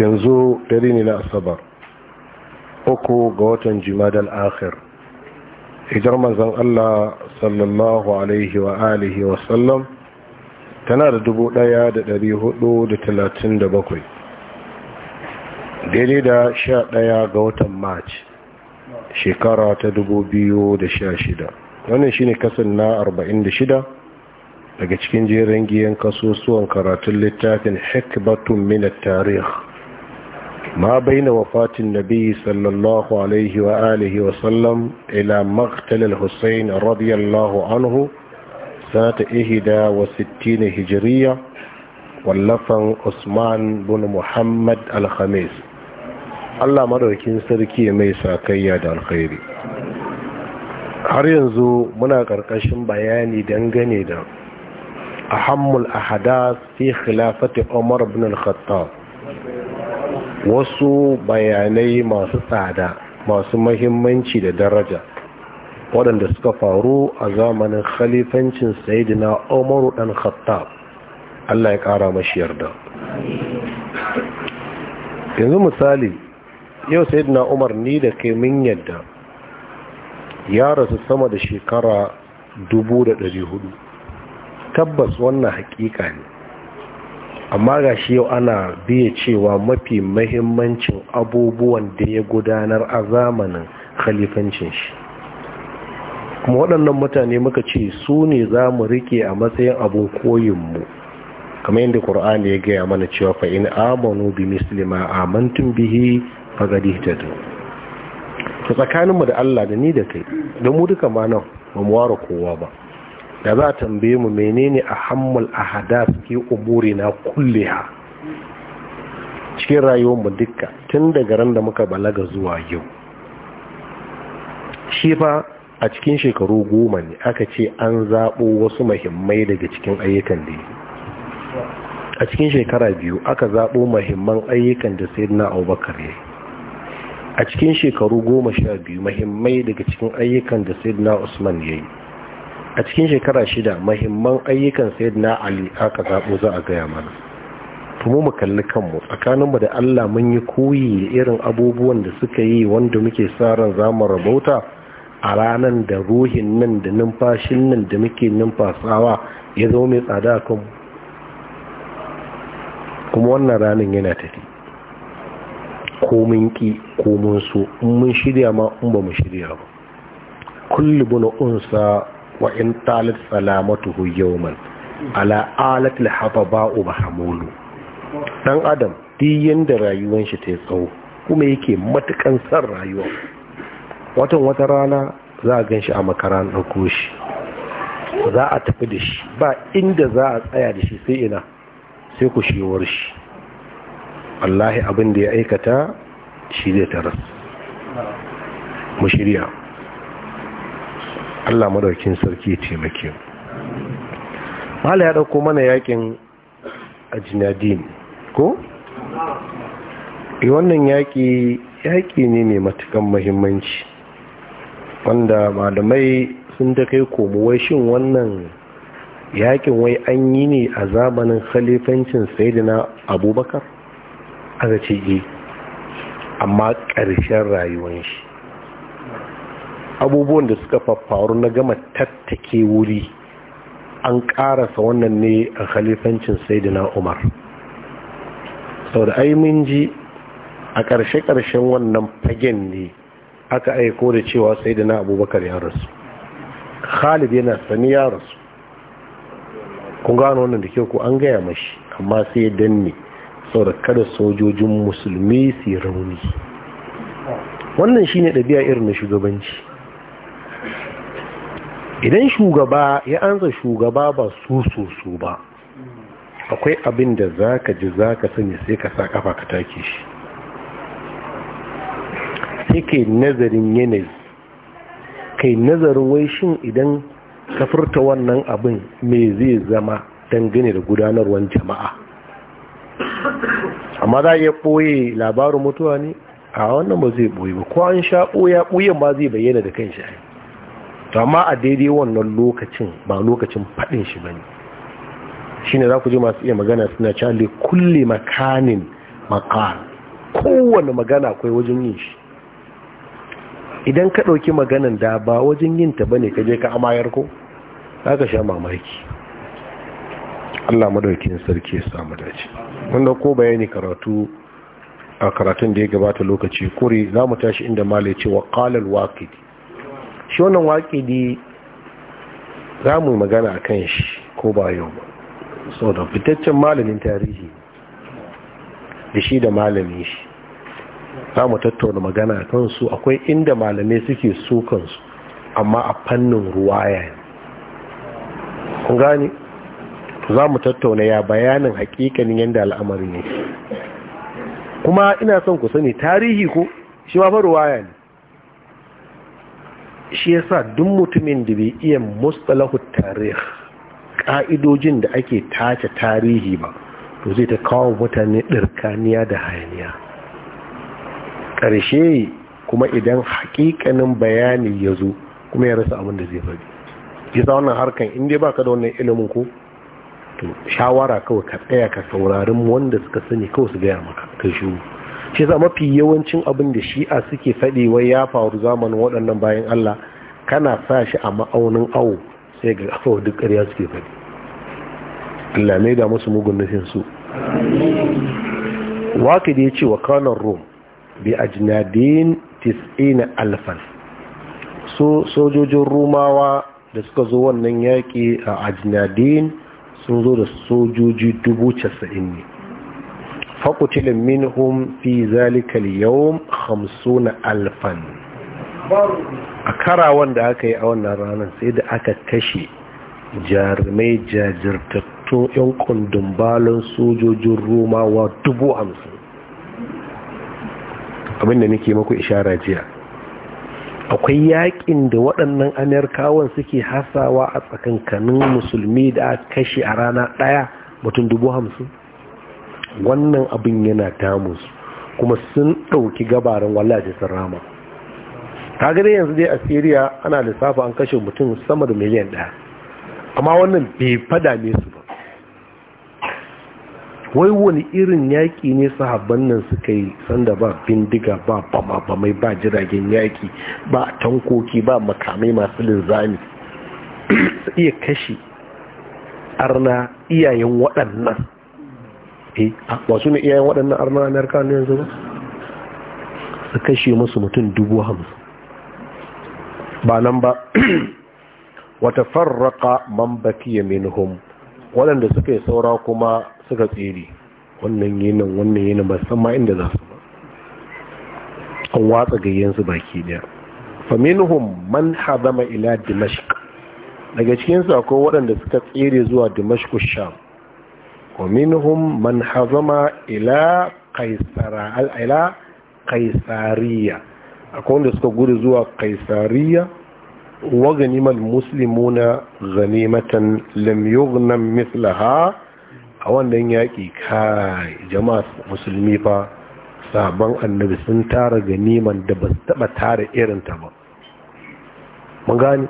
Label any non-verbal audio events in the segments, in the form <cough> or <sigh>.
yanzu dare ne na asabar uku ga watan jimadal akhir hijar manzan Allah sallallahu alaihi wa alihi wa sallam tana da dubu daya da dari hudu da talatin da bakwai daidai da sha daya ga watan march shekara ta dubu biyu da sha shida wannan shine kasan na arba'in da shida daga cikin jerin giyan kasusuwan karatun littafin hikbatun minar tarih ما بين وفاة النبي صلى الله عليه وآله وسلم إلى مقتل الحسين رضي الله عنه سنة إهدى وستين هجرية wallafan Usman bin Muhammad Alhamis. Allah madaukin sarki mai sakayya da alkhairi. Har yanzu muna ƙarƙashin bayani dangane da ahammul ahadas fi khilafati Umar bin al-Khattab. wasu bayanai masu tsada masu mahimmanci da daraja waɗanda suka faru a zamanin khalifancin sayidina umaru ɗan khattab Allah ya ƙara mashi yarda yanzu misali yau sayidina umar ni da kai mun yadda ya rasu sama da shekara 1400 tabbas wannan haƙiƙa ne amma ga shi yau ana biya cewa mafi mahimmancin abubuwan da ya gudanar a zamanin khalifancin shi kuma waɗannan mutane muka ce su ne za mu rike a matsayin abin koyinmu kamar yadda ƙur'ani ya gaya mana cewa fa'in amonu amanu bi muslima mantun bihi faqad ta. ta tsakaninmu da Allah da ni da kai don mu duka ma nan ba mu ware kowa ba da za a tambaye mu menene a hammul ahadas ke umuri na ha? cikin rayuwar mu dukka tun daga ran da muka balaga zuwa yau shi fa a cikin shekaru goma ne aka ce an zaɓo wasu mahimmai daga cikin ayyukan da a cikin shekara biyu aka zaɓo mahimman ayyukan da sai na abubakar ya a cikin shekaru goma sha biyu mahimmai daga cikin ayyukan da sai na usman ya yi a cikin shekara shida mahimman ayyukan sayyidina ali aka zaɓo za a gaya mana kuma mu kalli kanmu tsakaninmu da allah mun yi koyi da irin abubuwan da suka yi wanda muke sa ran mu rabauta a ranar da ruhin nan da numfashin nan da muke numfasawa ya zama mai tsada a kanmu kuma wannan ranar yana tafi ko mun ki ko mun so in mun shirya ma in ba mu shirya ba kullu bunu unsa wa in talat salamatuhu yawman ala alat lahababa'u bahamulu dan adam diyin da rayuwar shi ta tsawo kuma yake matukan san rayuwa watan wata rana za a ganshi a makaran dauko shi za a tafi da shi ba inda za a tsaya da shi sai ina sai ku shiwar shi wallahi abin da ya aikata shi zai taras mu shirya Allah madaukin sarki taimake mala ya dauko mana yakin ajnadin ko eh wannan yaki yaki ne mai matukan muhimmanci wanda malamai sun da kai komo wai shin wannan yakin wai an yi ne a zamanin khalifancin sayyidina abubakar aka ce eh, amma ƙarshen rayuwar shi abubuwan da suka faffaru na gama tattake wuri an karasa wannan ne a khalifancin saidina umar sau da mun ji a ƙarshe-ƙarshen wannan fagen ne aka aiko da cewa na abubakar ya rasu khalid yana sani ya rasu kun gano wannan da ke ku an gaya mashi amma sai ya danne sau da kada sojojin musulmi su rauni wannan shine ɗabi'a irin na shugabanci idan shugaba ya anza shugaba ba su su su ba akwai abin da za ka ji za ka sanya sai ka sa kafa ka take shi sai kai nazarin yanayi kai nazarin wai shin idan ka furta wannan abin mai zai zama dangane da gudanarwar jama'a amma za iya ɓoye labarin mutuwa ne a wannan ba zai ɓoye ba ko an sha ɓoye ɓoyen ba zai bayyana da kan shi to amma a daidai wannan lokacin ba lokacin faɗin shi ba ne. bane shine za ku ji masu iya magana suna cale kulle makanin makar kowane magana akwai wajen yin shi idan ka ɗauki maganan da ba wajen yin ta bane ka je ka amayar ko za ka sha mamaki Allah madaukin sarki ya samu dace wanda ko bayani karatu a karatun da ya gabata lokaci kuri za mu tashi inda malai ce wa qalal waqidi shi wannan ne za mu magana a kan shi ko ba yau ba so da fitaccen malamin tarihi da shi da malami shi za mu tattauna magana a kansu akwai inda malamai suke su kansu amma a fannin ruwa yayin kun gani za mu tattauna ya bayanin hakikanin yadda al'amari ne kuma ina son ku sani tarihi ko shi ma faruwa yayin shi ya sa duk mutumin da bai iya mustalahu tarih ƙa'idojin da ake tace tarihi ba to zai ta kawo mutane ɗirkaniya da hayaniya ƙarshe kuma idan hakikanin bayani ya zo kuma ya rasa abin da zai faɗi sa wannan harkan inda ba ka da wannan ilimin ko to shawara kawai ka tsaya ka saurarin wanda suka sani kawai su gaya maka ka shiru shi za mafi yawancin abin da shi'a suke faɗi wai ya faru zamanin waɗannan bayan Allah kana sa shi a ma'aunin awo sai ga afawa duk ƙarya suke faɗi Allah mai da musu mugun nufin su waka da ya ce wa kanan rom bi ajnadin tis'ina alfan so sojojin rumawa da suka zo wannan yaƙi a ajnadin sun zo da sojoji dubu casa'in ne faƙutilin minhum fi zalikal yawon hamsu na alfan a karawan da aka yi a wannan ranar sai da aka kashe jarumai jajirtattun 'yan kundin balon sojojin romawa dubu hamsin abinda nake maku ishara jiya akwai yakin da waɗannan amerikawan suke hasawa a tsakankanin musulmi da kashe a rana ɗaya mutum dubu hamsin wannan abin yana damus kuma sun ɗauki gabarin wallahi sun rama kaga dai yanzu dai a Syria ana lissafa an kashe mutum sama da miliyan ɗaya amma wannan bai fada ne su ba wai wani irin yaƙi ne sahabban nan suka yi sanda ba bindiga ba bama-bamai ba jiragen yaƙi ba tankoki ba makamai masu linzami su iya kashe arna iyayen waɗannan Eh, ba su ne iyayen waɗannan armar amerika ne yanzu ba su kashe musu mutum dubu hamsin ba nan ba <clears throat> wata farraka man bakiya minhum waɗanda suka yi saura kuma suka tsere wannan yanin wannan yanin ba san ma inda za su ba an watsa gayyansu baki daya faminhum man hadama ila dimashik daga cikinsu akwai waɗanda suka tsere zuwa dimashq sham wa minhum man hazama ila kaisara kaisariya akwai wanda suka gudu zuwa kaisariya wa ganimal muslimuna ganimatan lam yughnan mithlaha a wannan yaƙi kai jama'a musulmi fa sabon annabi sun tara ganiman da ba su taɓa tara irinta ba mun gani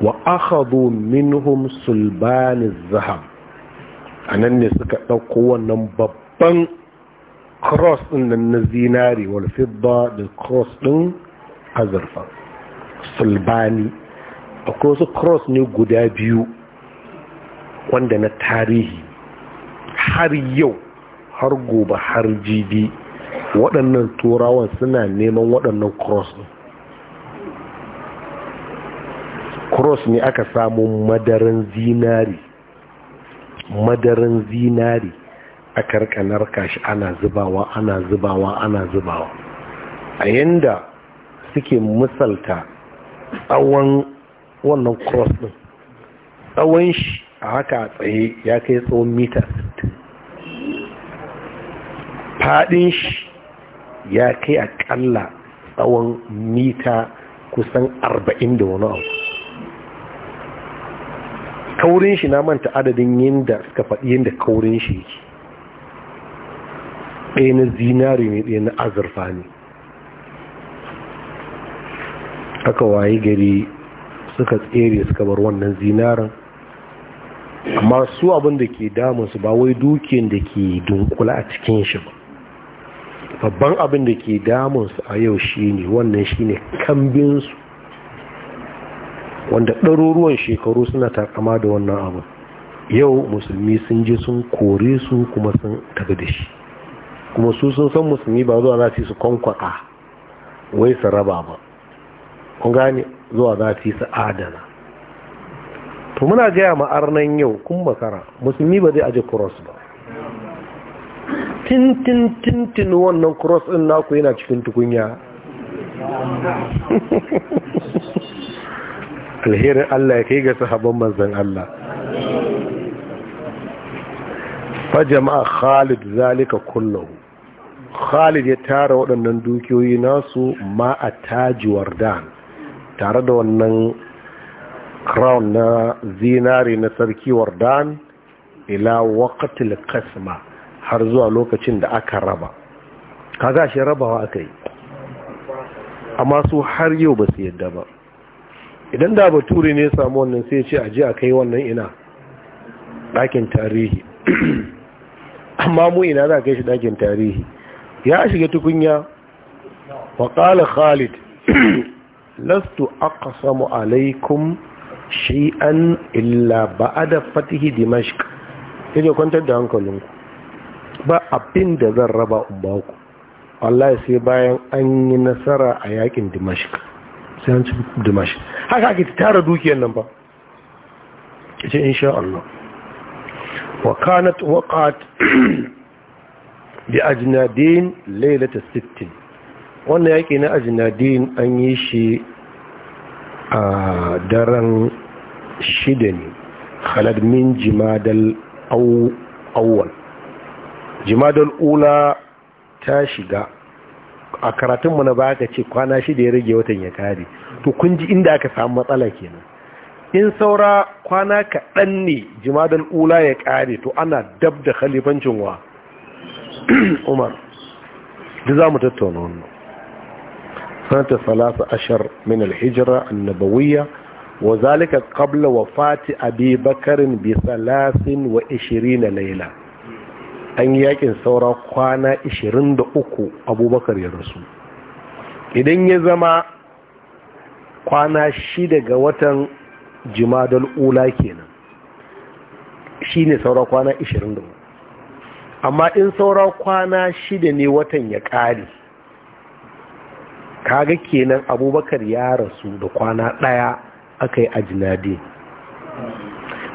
wa akhadhu minhum sulbaniz zahab a nan ne suka ɗauko wannan babban cross ɗin nan na zinari wal fidda da cross ɗin azurfa sulbani akwai wasu cross ne guda biyu wanda na tarihi har yau har gobe har jibi waɗannan turawan suna neman waɗannan cross ɗin cross ne aka samu madarin zinari madarin zinari a karkanar kashi ana zubawa ana zubawa ana zubawa a yanda suke misalta tsawon wannan cross din tsawon shi a haka tsaye ya kai tsawon mita 60 fadin shi ya kai akalla tsawon mita kusan 40 da wani abu kaurin shi na manta adadin yadda suka faɗi yadda kaurin shi yake ɗaya na zinari ne ɗaya na azurfa ne aka waye gari suka tsere suka bar wannan zinarin amma su abinda da ke damunsu ba wai dukiyar da ke dunkula a cikin shi ba babban abin da ke damunsu a yau shi ne wannan shi ne kambinsu wanda ɗaruruwan shekaru suna takama da wannan abu yau musulmi sun je sun kore su kuma sun tafi da shi kuma su sun san musulmi ba zuwa za su su kwankwaka wai su raba ba kun gane zuwa za su su adana to muna gaya ma'arnan yau kun makara musulmi ba zai aje cross ba tintin tintin wannan cross ɗin naku yana cikin tukunya <laughs> alherin Allah ya kai ga sahabban manzan Allah fa jama'a Khalid zalika kullahu Khalid ya tara waɗannan dukiyoyi nasu ma a taji wardan tare da wannan crown na zinari na sarki wardan ila waqtil qasma har zuwa lokacin da aka raba kaga shi rabawa aka yi amma su har yau ba su yadda ba idan da bature ne samu wannan sai ce aje a kai wannan ina ɗakin tarihi <clears throat> amma mu ina za a kai shi ɗakin tarihi ya shiga tukunya wa ƙala khalid <clears throat> lastu aqsamu alaikum shay'an illa ba'da fatihi dimashq yaje kwantar da hankalinku ba abin da zan raba umbaku wallahi sai bayan an yi nasara a yakin dimashq sai an ci dimashi haka ake tara dukiyar nan ba ya ce insha Allah wa kanat waqat bi ajnadin lailata 60 wannan yaki na ajnadin an yi shi a daren shida ne khalad min jimadal awwal jimadal ula ta shiga a karatunmu na ba ka ce kwana shida ya rage watan ya kare to kun ji inda aka samu matsala kenan in saura kwana kaɗan ne jimadar ula ya kare to ana dab da khalifancin wa <clears throat> umar da za mu tattauna wannan sanata salasa ashar min alhijira annabawiyya wa zalika qabla wafati abi bakarin bi salasin wa ishirina laila an yi yakin saura kwana 23 abubakar ya rasu idan ya zama kwana shida ga watan jimadal ula kenan shi ne saura kwana 23 amma in saura kwana shida ne watan ya ƙare kaga kenan abubakar ya rasu da kwana ɗaya aka yi ajinadi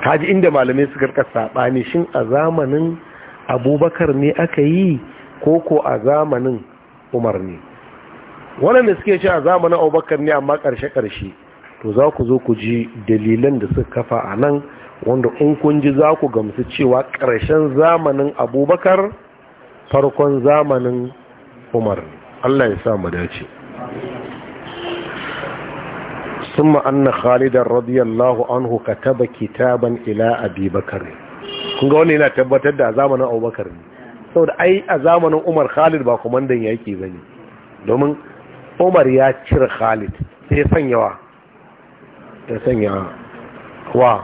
kaji inda malamai suka karka saɓani shin a zamanin abubakar ne aka yi koko a zamanin umar ne waɗanda suke ce a zamanin abubakar ne amma ƙarshe-ƙarshe to za ku zo ku ji dalilan da suka kafa a nan wanda in kun ji za ku gamsu cewa ƙarshen zamanin abubakar farkon zamanin umar allah ya sa mu dace ثم أن خالد رضي الله عنه كتب كتابا إلى أبي بكر Kunga wani yana tabbatar da a zamanin abubakar ne saboda ai a zamanin umar khalid ba kwamandan yaki ba ne domin umar ya cire khalid sai sanyawa ya sanya wa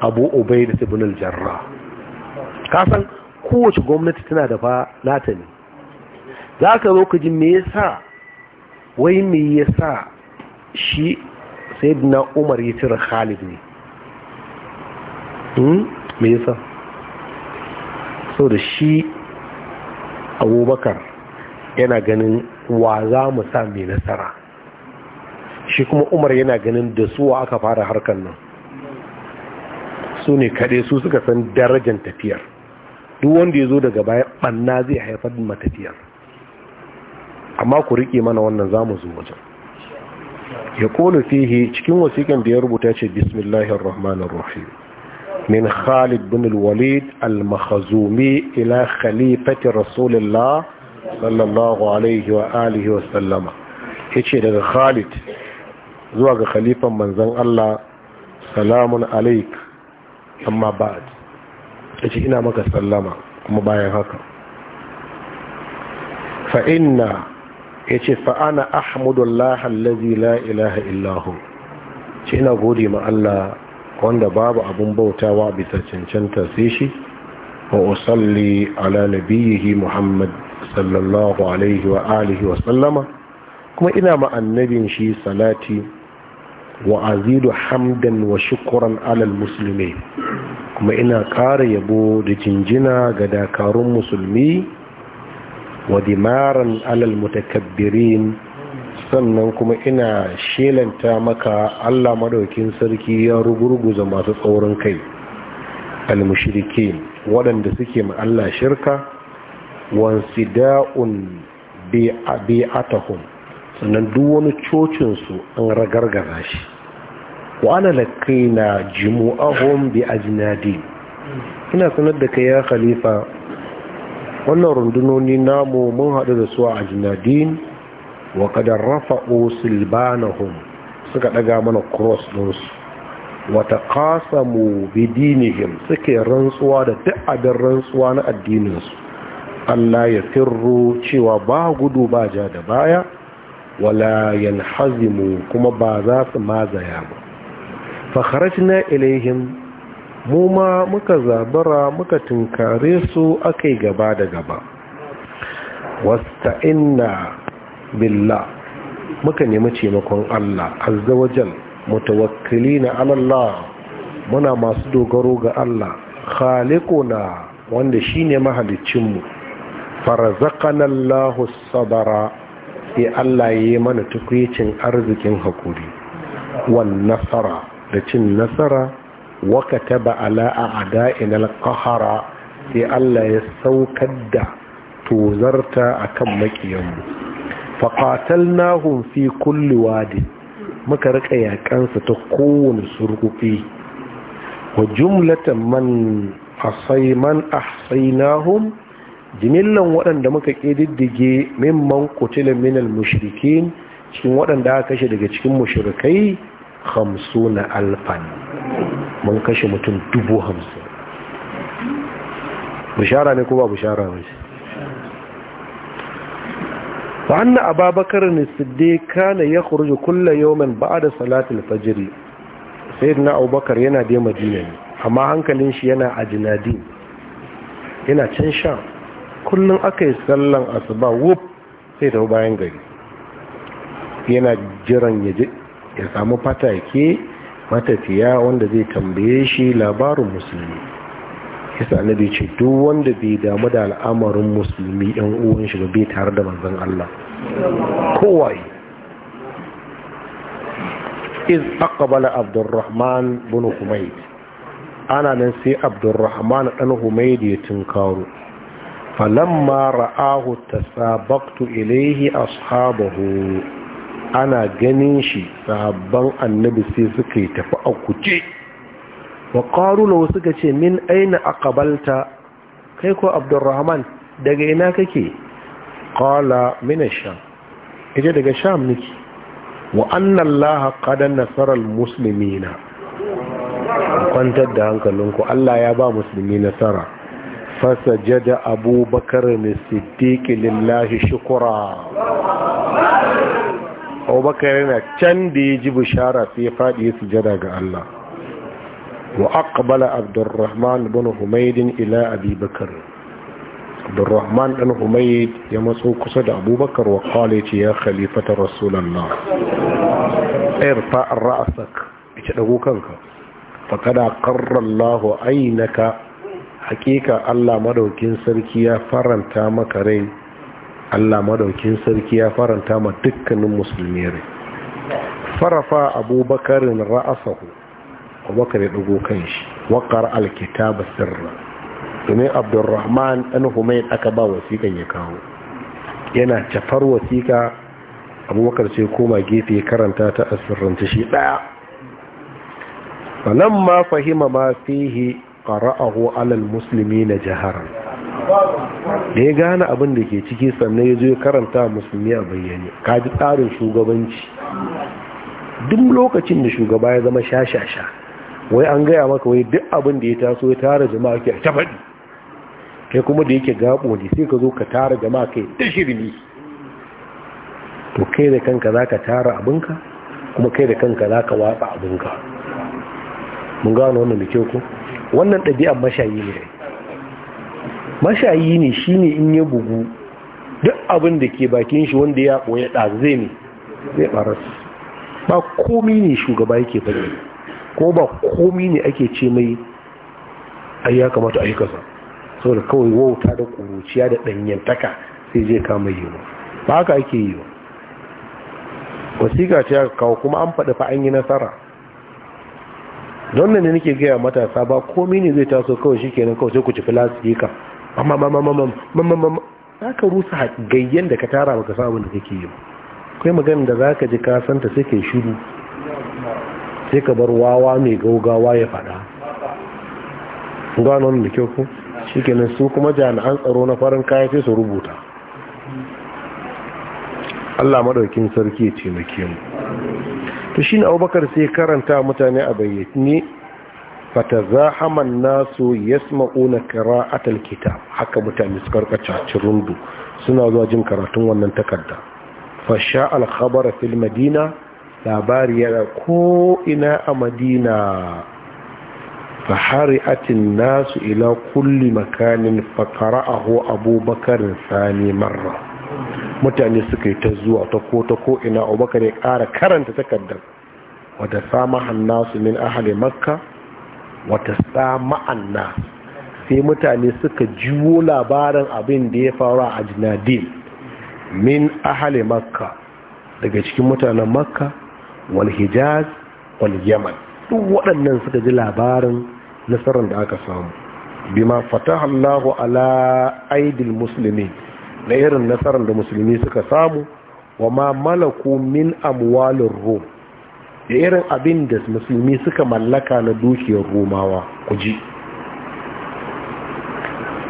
abu obai da jarra kasan kowace gwamnati tana da fa ne za ka zo ka ji me ya sa wai me ya sa shi na umar ya cire khalid ne hmm? me yasa so da shi abubakar yana ganin wa za mu sa mai nasara shi kuma umar yana ganin da suwa aka fara harkar nan su ne kaɗai su suka san darajar tafiyar duk wanda ya zo daga baya ɓanna zai haifar da matafiyar amma ku riƙe mana wannan za mu zo wajen ya ƙone fihe cikin wasiƙan da ya rubuta ce bismillahirrahmanirrahim من خالد بن الوليد المخزومي إلى خليفة رسول الله صلى الله عليه وآله وسلم يتشي دغ خالد زواج خليفة من زن الله سلام عليك أما بعد يتشي هنا مك سلام مبايا هكا فإن يتشي فأنا أحمد الله الذي لا إله إلا هو يتشي إنا قولي مع الله wanda babu abin bautawa bisa cancanta sai shi wa usalli ala nabiyhi muhammad sallallahu alaihi wa alihi wa sallama kuma ina ma annabin shi salati wa azidu hamdan wa shukran alal musulmi kuma ina ƙara yabo da jinjina ga dakarun musulmi wa dimaran alal mutakabbirin sannan kuma ina shelanta maka Allah madaukin sarki ya rugurguza masu tsaurin kai almushrike waɗanda suke ma Allah shirka wansida'un bi'atahum sannan duk wani cocin su an ragargaza shi wa ana lakaina jumu'ahum bi ajnadi ina sanar da kai ya khalifa wannan rundunoni namu mun hadu da su a ajnadin wa kadar rafa'u banahun suka daga mana cross ɗinsu wata kasamu bidinihim suke rantsuwa da duk abin rantsuwa na addininsu Allah ya firro cewa ba gudu ba ja da baya wala hazimu kuma ba za su mazaya ba na ilaihim mu ma muka zabara muka tunkare su akai gaba da gaba inna billa muka nemi taimakon Allah azza mu mutawakkilina na Allah muna masu dogaro ga Allah khaliquna wanda shine mahaliccin mu farzaqana Allahu sabara sai Allah yayi mana tukuicin arzikin hakuri wan nasara da cin nasara wa kataba ala a'da'ina al-qahara sai Allah ya saukar da tozarta akan makiyanmu faƙatalnahun fi kulli wadi muka rika yaƙansa ta kowane surgufi wa jumlatan man asai man ahsainahum jimillan waɗanda muka ƙididdige mimman min al mushrikin cikin waɗanda aka kashe daga cikin mushrikai hamsu na alfan mun kashe mutum dubu hamsin bishara ne ko ba bishara wace fa ababakar ne siddiq kana ya khurju yoman yawmin ba'da salatul fajr na abubakar yana da madina ne amma hankalin shi yana a jinadi yana can sha kullun akai sallan asuba wuf sai da bayan gari yana jiran ya ya samu fatake matafiya wanda zai tambaye shi labarin musulmi kisa annabi ce duk wanda bai damu da al'amarin musulmi yan uwan shi ba bai tare da manzon Allah kowaye iz aqbala abdurrahman bin humayd ana nan sai abdurrahman dan humayd ya tunkaro falamma ra'ahu tasabaqtu ilayhi ashabahu ana ganin shi sahabban annabi sai suka yi tafi a kuce wa wasu suka ce min aina ƙabalta kai ko abdurrahman daga ina kake ƙala mina sham daga sha miki. wa annan laha ƙadan nasarar musulmi na kwantar da hankalinku Allah ya ba musulmi nasara fasa jada abubakar ne siddiqi lillahi shukura abubakar yana can da ya ji bishara sai ya faɗi ya sujada ga Allah وأقبل عبد الرحمن بن حميد إلى أبي بكر عبد الرحمن بن حميد يمسو قصد أبو بكر وقال يا خليفة رسول الله ارفع رأسك اتدقو كنك فقد قر الله أينك حقيقة الله مدوكين سركيا فرنتا مكرين الله مدوكين سركيا فرنتا تكن المسلمين فرفع أبو بكر رأسه abubakar ya ɗago kan shi waƙar alkitaba sirra domin abdurrahman ɗan humayin aka ba wasiƙan ya kawo yana cafar wasiƙa abubakar sai koma gefe karanta ta asirranta shi ɗaya sannan ma fahima ma fihi ƙara'ahu alal musulmi na jiharar da ya gane abin da ke ciki sannan ya zo ya karanta musulmi a bayyane ji tsarin shugabanci duk lokacin da shugaba ya zama shashasha wai an gaya maka wai duk abin da ya taso ya tara jama'a ke ta faɗi kai kuma da yake gabo ne sai ka zo ka tara jama'a kai ta shirmi to kai da kanka za ka tara abinka kuma kai da kanka za ka watsa abinka mun gano wannan da kyau ko wannan ɗabi'an mashayi ne mashayi ne shi ne in ya bugu duk abin da ke bakin shi wanda ya ɓoye ɗazu zai ne zai ɓarar ba komi ne shugaba yake faɗi ko ba komi ne ake ce mai ai ya kamata a yi sau saboda kawai wauta da kuruciya da ɗanyantaka sai zai kama yi wa ba haka ake yi wa wasiƙa ce ya kawo kuma an faɗi fa yi nasara don nan ne nake gaya matasa ba komi ne zai taso kawai shi kenan kawai sai ku ci filas amma za ka rusa gayyen da ka tara baka samu da kake yi kai maganin da za ka ji kasanta sai ka shiru sai ka bar wawa mai gaugawa ya faɗa gano da kyau ku shikenan su kuma jami'an tsaro na farin kaya sai su rubuta Allah madaukin sarki ya kemu mu shi na Abubakar sai karanta mutane a bayyane haman nasu kira a talkita haka mutane su karkaca cirundu suna zuwa jin karatun wannan takarda fasha al-khabara fil madina labari yana koina ko'ina a madina atin nasu ila kulli makanin a abubakar sani marra mutane suka yi ta zuwa ta ko ta ko’ina abubakar ya ƙara karanta takardar wata samahan nasu min ahali makka wata sama'an nasu sai mutane suka jiwo labarin abin da ya faru a jinadin min ahali makka daga cikin mutanen makka walhijaz hijaz wal yaman duk waɗannan suka ji labarin nasarar da aka samu bima fataha Allahu ala aidil muslimin na irin nasarar da musulmi suka samu wa ma malaku min amwalir rum da irin abin da musulmi suka mallaka na dukiyar romawa ku ji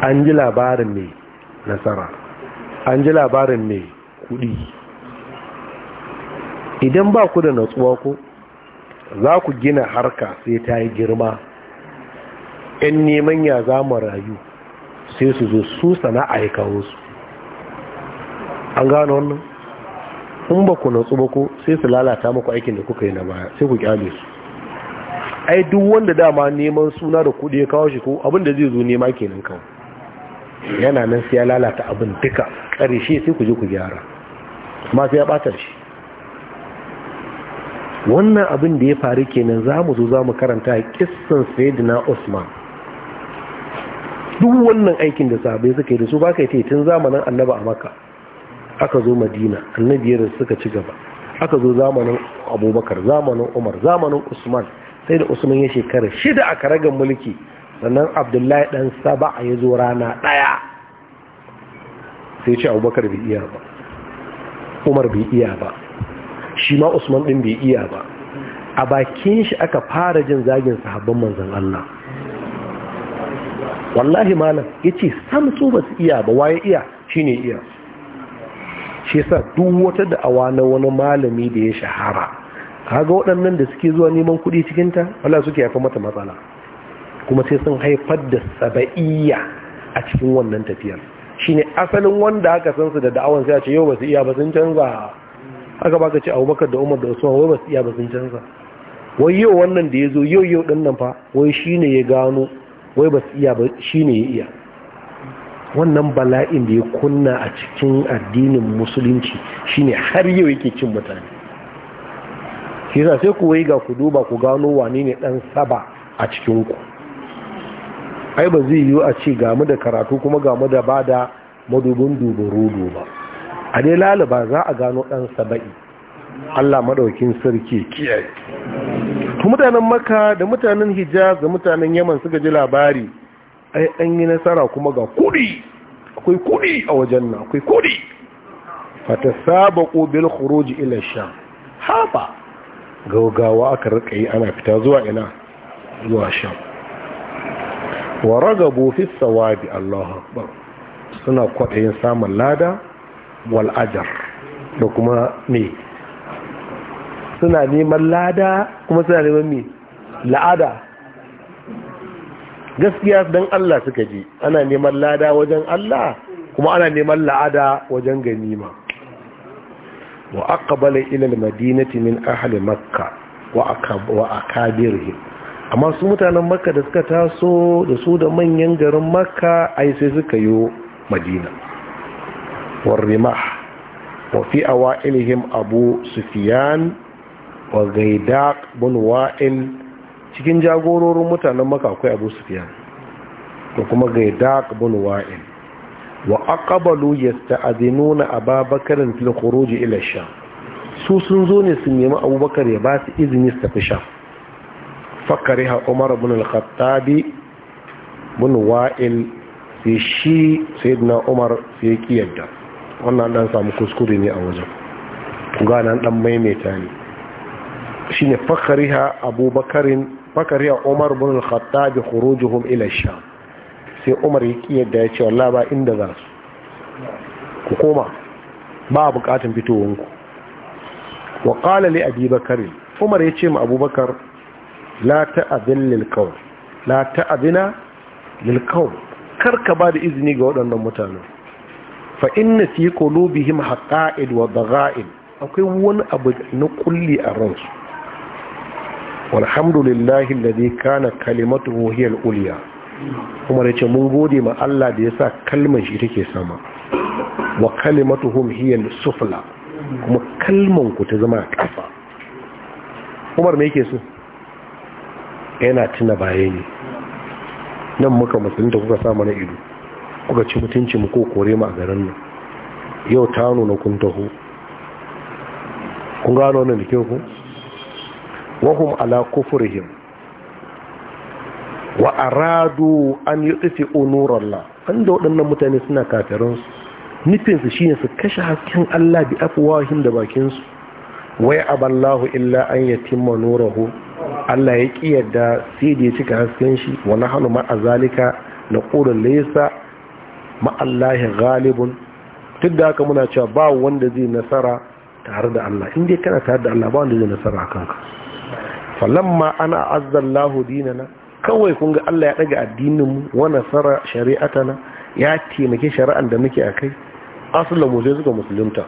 an ji labarin mai nasara an ji labarin mai kudi idan ba ku da natsuwa ku za ku gina harka sai ta yi girma ‘yan neman ya za mu rayu sai su zo su sana'a ya kawo su an gano wannan in ba ku natsu ba ku sai su lalata maku aikin da kuka yi na baya sai ku kyale su ai duk wanda dama neman suna da kuɗi ya kawo shi ko abin zai zo nema kenan kawo yana nan sai ya lalata abin duka ƙarshe sai ku je ku gyara amma sai ya ɓatar shi wannan abin da ya faru kenan za mu zo za mu karanta kissan sayyidina usman duk wannan aikin da sahabbai suka yi da su ba ka yi tun zamanin annaba a maka aka zo madina annabiyar suka ci gaba aka zo zamanin abubakar zamanin umar zamanin usman sai da usman ya shekara shida a karagan mulki sannan abdullahi dan saba ya zo rana daya sai ce abubakar bai iya ba umar bai iya ba shi ma usman ɗin bai iya ba a bakin shi aka fara jin zagin sahabban manzan Allah wallahi malam yace sam su ba su iya ba waye iya shine iya shi sa duk wata da awa na wani malami da ya shahara kaga waɗannan da suke zuwa neman kuɗi cikinta wala suke haifa mata matsala kuma sai sun haifar da saba'iyya a cikin wannan tafiyar shine asalin wanda aka san su da da'awan sai a ce yau ba su iya ba sun canza aka baka ce abubakar da umar da usman wai ba su iya ba sun canza wai yau wannan da ya zo yau yau ɗin nan fa wai shi ne ya gano wai ba su iya ba shi ne ya iya wannan bala'in da ya kunna a cikin addinin musulunci shi ne har yau yake cin mutane ke sa sai ku wai ga ku duba ku gano wane ne ɗan saba a cikinku ai ba zai yiwu a ce gamu da karatu kuma gamu da ba da madubin dubarudu ba a dai laluba za a gano ɗan saba'i Allah maɗaukin sarki kiyaye mutanen maka da mutanen hijaz da mutanen yaman suka ji labari ai an yi nasara kuma ga kudi akwai kudi a wajen nan akwai kudi fata saba ƙobin khuruj ila haɓa gaugawa aka rika yi ana fita zuwa ina zuwa sham wa ragabu fi bi Allahu akbar suna kwaɗayin samun lada wal da kuma me suna neman lada kuma suna neman me la'ada gaskiya don Allah suka ji ana neman lada wajen Allah kuma ana neman la'ada wajen ganima wa aka bala ilil madinati min ahali makka wa akabirihim amma su mutanen makka da suka taso da su da manyan garin makka ai sai suka yo madina والرماح وفي أوائلهم أبو سفيان وغيداق بن وائل cikin jagororin mutanen maka akwai abu sufiyan da kuma gaidaq bin wa'in wa aqbalu yasta'dinuna ababakar fil khuruj ila sha su sun zo ne sun nemi abubakar ya ba su izini su tafi sham fakariha umar ibn al-khattab bin wa'il sai shi sayyidina umar sai ya kiyarda wannan dan samu kuskure ne a wajen ku gane dan maimaita ne shine fakariha abubakarin fakariha umar bin al-khattab khurujuhum ila sham sai umar ya da ya ce wallahi ba inda za su ku koma ba bukatun fitowanku wa qala li umar ya ce ma abubakar la ta'abin lil qawl la ta'abina lil qawl karka ba da izini ga waɗannan mutanen fa inna fi qulubihim haqa'id wa dagha'in akwai wani abu na kulli a ransu walhamdulillahi alladhi kana kalimatuhu hiya al-ulya kuma da ce mun gode ma Allah da yasa kalmar shi take sama wa kalimatuhum hiya al-sufla kuma kalmar ku ta zama kafa Umar me yake so yana tuna baye nan muka musulunta kuka samu na ido kuka ci mutunci mu ko kore mu a garin nan yau ta nuna kun taho kun gano wannan da ke ku wahum ala kufurihim wa aradu an yutfi'u nurallah an da waɗannan mutane suna kafiransu nufinsu shine su kashe hasken Allah bi afwahim da bakinsu wai aballahu illa an yatimma nurahu Allah ya ƙi yadda sai da ya cika hasken shi wa nahnu ma'azalika na naqulu laysa ma'allahi galibun duk da haka muna cewa ba wanda zai nasara tare da Allah in dai kana tare da Allah ba wanda zai nasara a kanka falamma ana azzallahu dinana kawai kun ga Allah ya daga addinin mu wa nasara shari'atana ya taimake shari'an da muke akai mu sai suka musulunta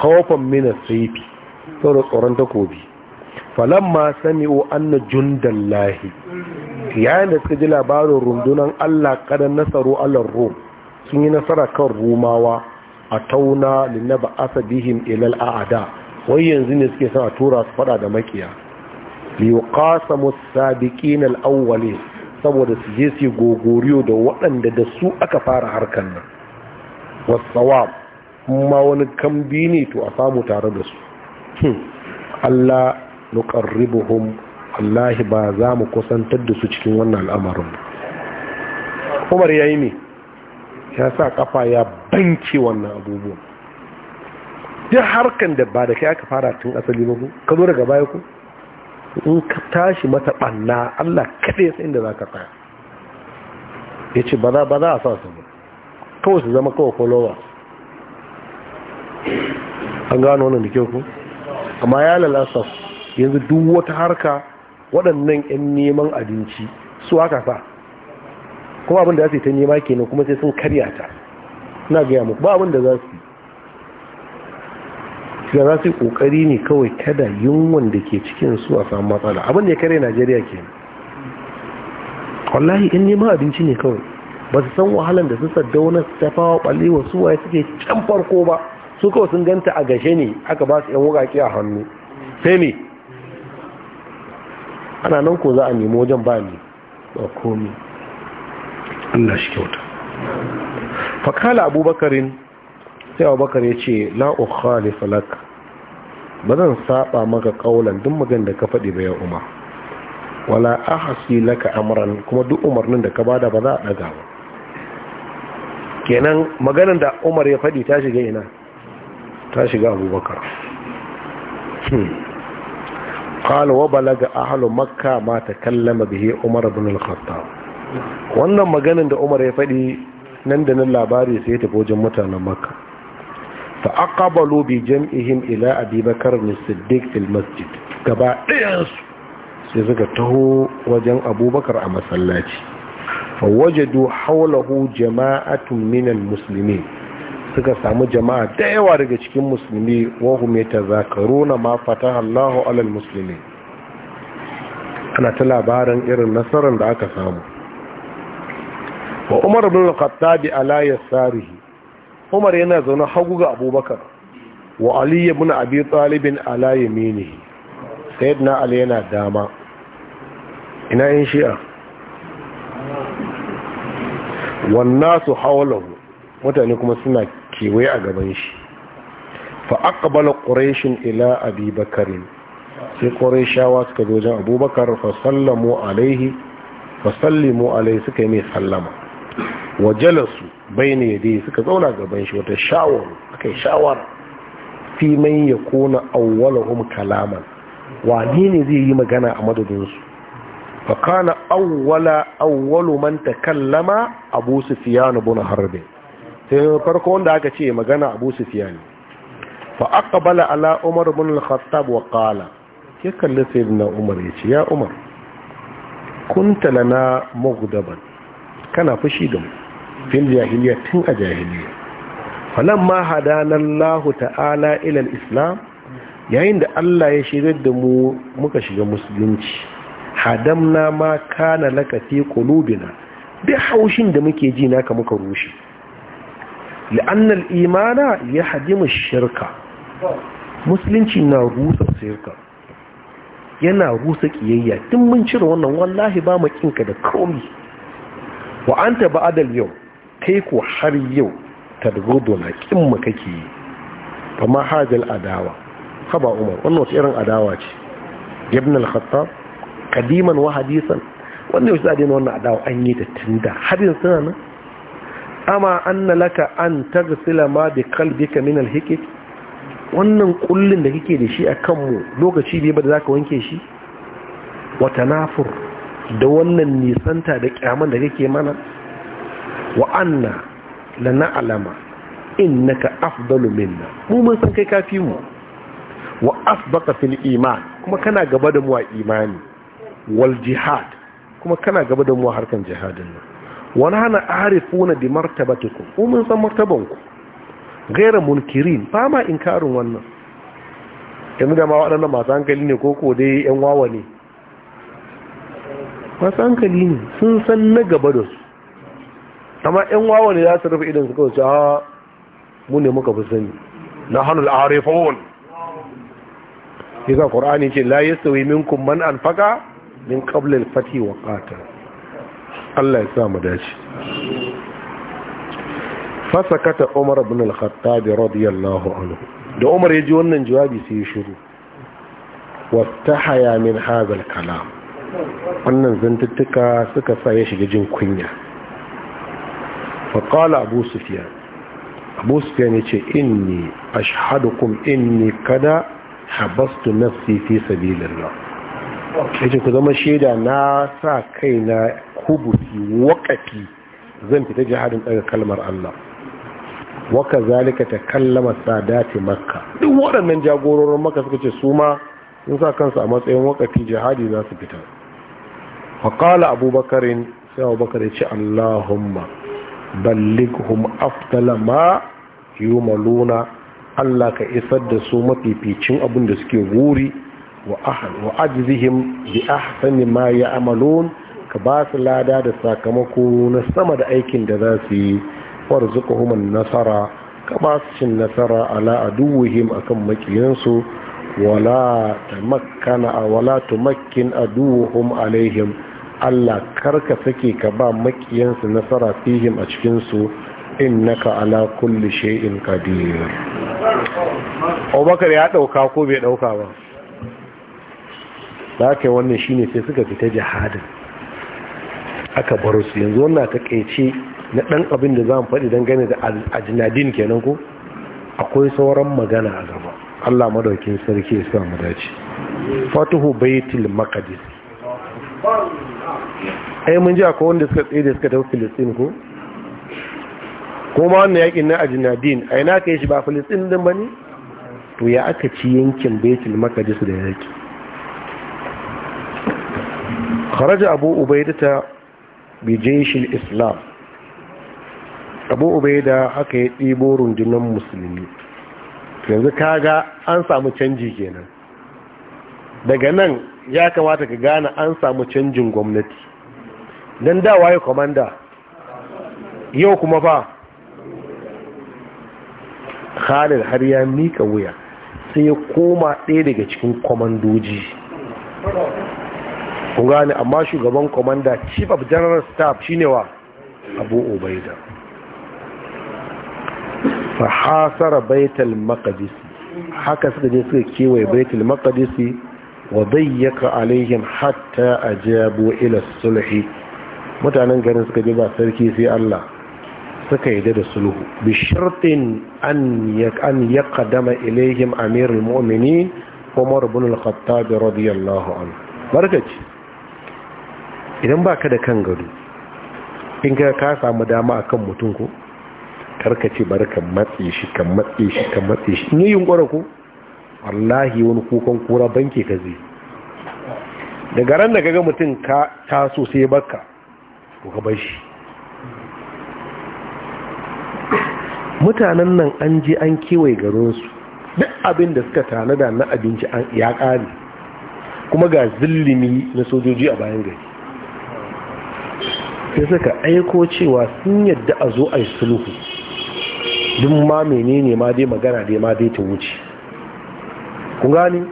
khawfan min as-sayfi saboda tsoron takobi falamma sami'u anna jundallahi ya da suka ji labarin rundunan Allah kadan nasaru alar rum sun yi nasara kan rumawa a tauna linnaba bihim ilal a'ada wai yanzu ne suke son tura su fada da makiya liqasamu Musa, na awwalin saboda su je su gogoriyo da waɗanda da su aka fara harkan nan wasawa kuma wani kambi ne to a samu tare da su hmm. Allah nuqarribuhum wallahi ba za mu kusantar da su cikin wannan al'amarin Umar yayi ne ya sa kafa ya banke wannan abubuwan duk harkan da ba da kai aka fara tun asali ba ku ka zo daga baya ku in ka tashi mata ɓanna Allah kada ya inda za ka tsaya ya ce ba za a sa su ba kawai su zama kawai kwalowa an gano wannan da kyau ku amma ya lalasa yanzu duk wata harka waɗannan 'yan neman abinci su aka sa kuma abin da za su yi ta nema kenan kuma sai sun karya ta na gaya muku ba abin da za su da za su yi kokari ne kawai kada yunwan da ke cikin su a samu matsala abin da ya kare najeriya ke wallahi in nema abinci ne kawai ba su san wahalar da su sadda wani tafawa balle wa su waye suke can farko ba su kawai sun ganta a gashe ne aka ba su yan wukaki a hannu sai ne ana nan ko za a nemi wajen ba ne ba komi Allah shi kyauta fakala abubakarin sai abubakar ya ce khali falak ba zan saba maka kaulan duk magan da ka faɗi bayan umar wala ahasi laka amran kuma duk umarnin da ka bada ba za a ɗaga ba kenan maganin da umar ya faɗi ta shiga ina ta shiga abubakar قال وبلغ أهل مكة ما تكلم به عمر بن الخطاب wannan maganin da umar ya faɗi nan da nan labari sai ya tafi wajen mutanen makka fa aqabalu bi jam'ihim ila abi bakar bin siddiq fil masjid gaba ɗayansu sai suka taho wajen abubakar a masallaci fa wajadu hawlahu jama'atun minan musulmi muslimin suka samu jama'a da yawa daga cikin musulmi wahum yatazakaruna ma fataha Allahu alal muslimin ana ta labarin irin nasarar da aka samu wa umar bin al ala yasarihi umar yana zaune hagu ga abubakar wa ali ibn abi talib ala yaminihi sayyidina ali yana dama ina yin shi'a wannasu hawlahu mutane kuma suna kewaye a gaban shi fa aqbala quraishin ila abi bakarin sai quraishawa suka zo wajen abubakar fa sallamu alaihi fa sallimu alaihi suka yi mai sallama wajalasu jalasu ya dai suka zauna gaban shi wata shawara yi shawara fi kona yakuna awwaluhum kalaman wani ne zai yi magana a madadinsu? su fa kana awwala awwalu man takallama abu sufyan ibn harb sai farko wanda aka ce magana abu sufyan fa aqbala ala umar ibn al-khattab wa qala ya kalli sayyidina umar ya ce ya umar kunta lana mughdaban kana fushi da mu fil jahiliya tun a jahiliya falan ma hadanallahu ta'ala ilal islam yayin da Allah ya shigar da mu muka shiga musulunci hadamna ma kana laka fi qulubina duk haushin da muke ji naka muka rushe La'anar al-imana yahdimu shirka musulunci na rusa shirka yana rusa kiyayya tun mun cire wannan wallahi ba mu kinka da komi. wa anta adal yau kai har yau tadgudu na kin mu kake yi ma hajal adawa haba umar wannan wasu irin adawa ce ibn al-khattab kadiman wa hadisan wannan wasu adina wannan adawa an yi da tunda har yanzu suna nan amma anna laka an tagsila ma bi qalbika min al wannan kullun da kake da shi a kanmu lokaci bai ba da zaka wanke shi wa tanafur da wannan nisanta da kyaman da kake mana wa anna la na'lama innaka afdalu minna mu mun san kai kafi mu wa asbaqa fil iman kuma kana gaba da mu a imani wal jihad kuma kana gaba da mu a harkan jihadin nan wa nahana arifuna bi martabatikum mu mun san martabanku gaira munkirin fa ma inkarin wannan yanzu da ma waɗannan masu hankali ne ko ko dai yan wawa ne masu hankali ne sun san na gaba da su amma in wawa ne za su rufe idan su kawai cewa ah, mu ne muka fi sani na hannun arifon yasa ƙorani ce la yi sauyi minkum man alfaka min ƙablil fati wa ƙata Allah ya sa mu dace Fasa kata umar bin al-khattab radiyallahu anhu da umar ya ji wannan jawabi sai ya shiru wastahaya min hadha kalam wannan zantuttuka suka sa ya shiga jin kunya faƙala abu sufiya abu sufiya ne ce inni ashhadukum inni kada habastu nafsi fi sabilillah yace ku zama shaida na sa kaina kubuti waƙafi zan fita jihadin daga kalmar Allah waka ta kallama sadati makka duk waɗannan jagororin makka suka ce su sun sa kansu a matsayin wakafi jihadi za su fita faƙala abubakarin sai abubakar ya ce allahumma ballighum afdala ma yumaluna Allah ka isar da su mafificin abin da suke guri wa ajzihim bi ahsani ma ya'malun ka ba su lada da sakamako na sama da aikin da za su yi warzuquhum an-nasara ka ba su cin nasara ala aduwwihim akan makiyansu wala tamakkana wala tumakkin aduwwuhum alaihim Allah karka sake ka ba makiyansu nasara fihim a cikinsu innaka ala kulli shay'in qadir Abubakar ya dauka ko bai dauka ba Sake wannan shine sai suka fita jihadin aka bar su yanzu wannan kaice na ɗan abin da zamu faɗi dangane da ajnadin kenan ko akwai sauran magana a gaba Allah madaukin sarki ya sa mu dace Fatuhu Baitul Maqdis ai mun ji akwai wanda suka tsaye da suka tafi filistin ko kuma wannan yakin na ajinadin a yana kai shi ba filistin din ba ne to ya aka ci yankin betul makadisu da yaki kharaja abu ta bi jayshil islam abu ubaida aka yi ɗebo rundunar musulmi yanzu kaga an samu canji kenan daga nan ya kamata ka gane an samu canjin gwamnati nan da waye komanda yau kuma ba khalid har ya mika wuya sai ya koma ɗaya daga cikin komandoji kun gane amma shugaban komanda chief of general staff shine wa abu obaida fa hasara baitul maqdis haka suka je suka kewaye baitul maqdis wa dayyaka alaihim hatta ajabu ila sulhi mutanen garin suka ji ba sarki sai Allah suka yi da sulhu bi shartin an ya an yaqdama ilayhim amirul mu'minin Umar ibn al-Khattab radiyallahu anhu barkaci idan baka da kan gado in ka ka samu dama akan mutun ko ce barkan matsi shi kan matsi shi kan matsi shi ni gora ko wallahi wani kukan kura banke ka zai daga ran da kaga mutum ka taso sai barka kuka shi mutanen nan an je an kewaye garinsu duk abin da suka tanada na abinci ya ƙare kuma ga zillimi na sojoji a bayan gari sai suka aiko cewa sun yadda a zo a yi sulhu duk ma menene ma dai magana dai ma dai ta wuce ku gani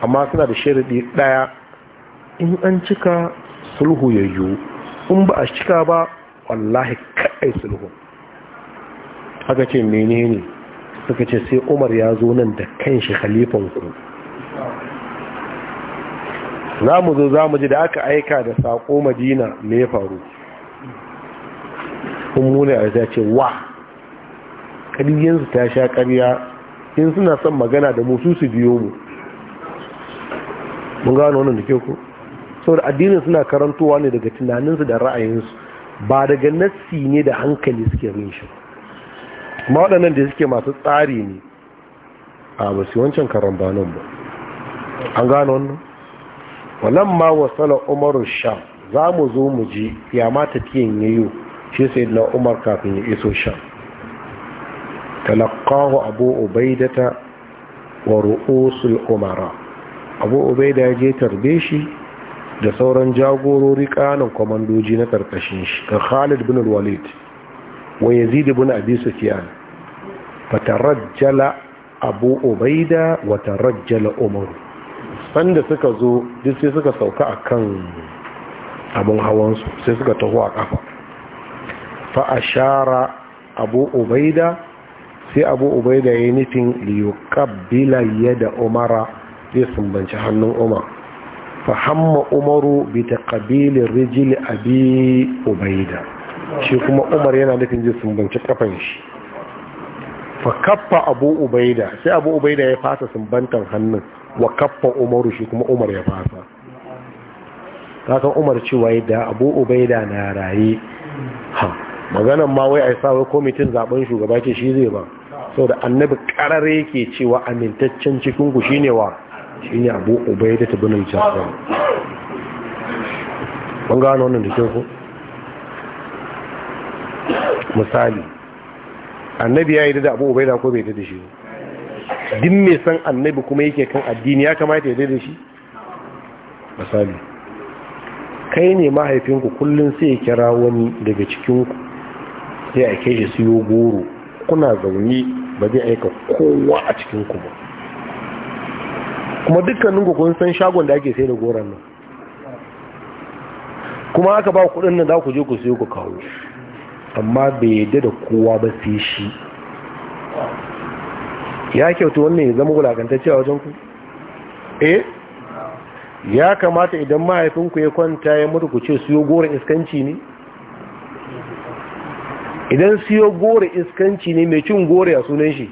amma suna da sharaɗi ɗaya in an cika sulhu ya in ba a cika ba wallahi kaɗai sulhu haka ce menene suka ce sai umar ya zo nan da kanshi khalifan ku za mu zo za mu ji da aka aika da saƙo madina me faru kun muna ya ce wa ƙaryensu ta sha ƙariya in suna son magana da musu su biyo mu mun gano wannan da ke ku saboda addinin suna karantowa ne daga tunaninsu da ra'ayinsu ba daga nassi ne da hankali suke rin shi kuma waɗannan da suke masu tsari ne a ba su wancan karambanin ba an gano wannan wannan ma wasala umaru sham za mu zo mu ji ya ma tafiyan yayo shi sai na umar kafin ya iso sha talakawa abu ubaidata wa ru'usul umara abu ubaida ya je tarbe shi da sauran jagorori kanan kwamandoji na karkashin shi ga khalid bin walid wa yazid bin abi sufyan fatarajjala abu ubaida wa tarajjala umar sanda suka zo duk sai suka sauka akan abun hawan su sai suka taho a kafa fa ashara abu ubaida sai abu ubaida ya nufin liyuqabbila yada umara zai sumbanci hannun umar fahamma umaru bi taqabilin rijil abi ubaida shi kuma umar yana nufin ji sumbanci kafan shi fa kaffa abu ubaida sai abu ubaida ya fasa sumbantan hannun wa kaffa umaru shi kuma umar ya fasa kakan umar cewa yadda abu ubaida na raye ha maganan ma wai a sa wai zaben shugaba ce shi zai ba sau da annabi karare yake cewa amintaccen cikin ku shine wa ne abu ubaida da bin jafon jarrah gano wannan da kyau misali annabi ya yi da abu ubaida ko bai ta da shi din mai san annabi kuma yake kan addini ya kamata ya da shi misali kai ne mahaifinku kullum sai ya kira wani daga cikinku sai a kai shi siyo goro kuna zaune ba zai aika kowa a cikinku ba kuma dukkanin kun san shagon da ake sai da goron nan kuma aka ba kudin nan za ku je ku sai ku kawo amma bai yadda da kowa ba sai shi ya kyautu wannan ya zama wulakantacce a wajen ku eh ya kamata idan mahaifinku ya kwanta ya mutu ku ce siyo goron iskanci ne idan siyo gore iskanci ne mai cin gore a sunan shi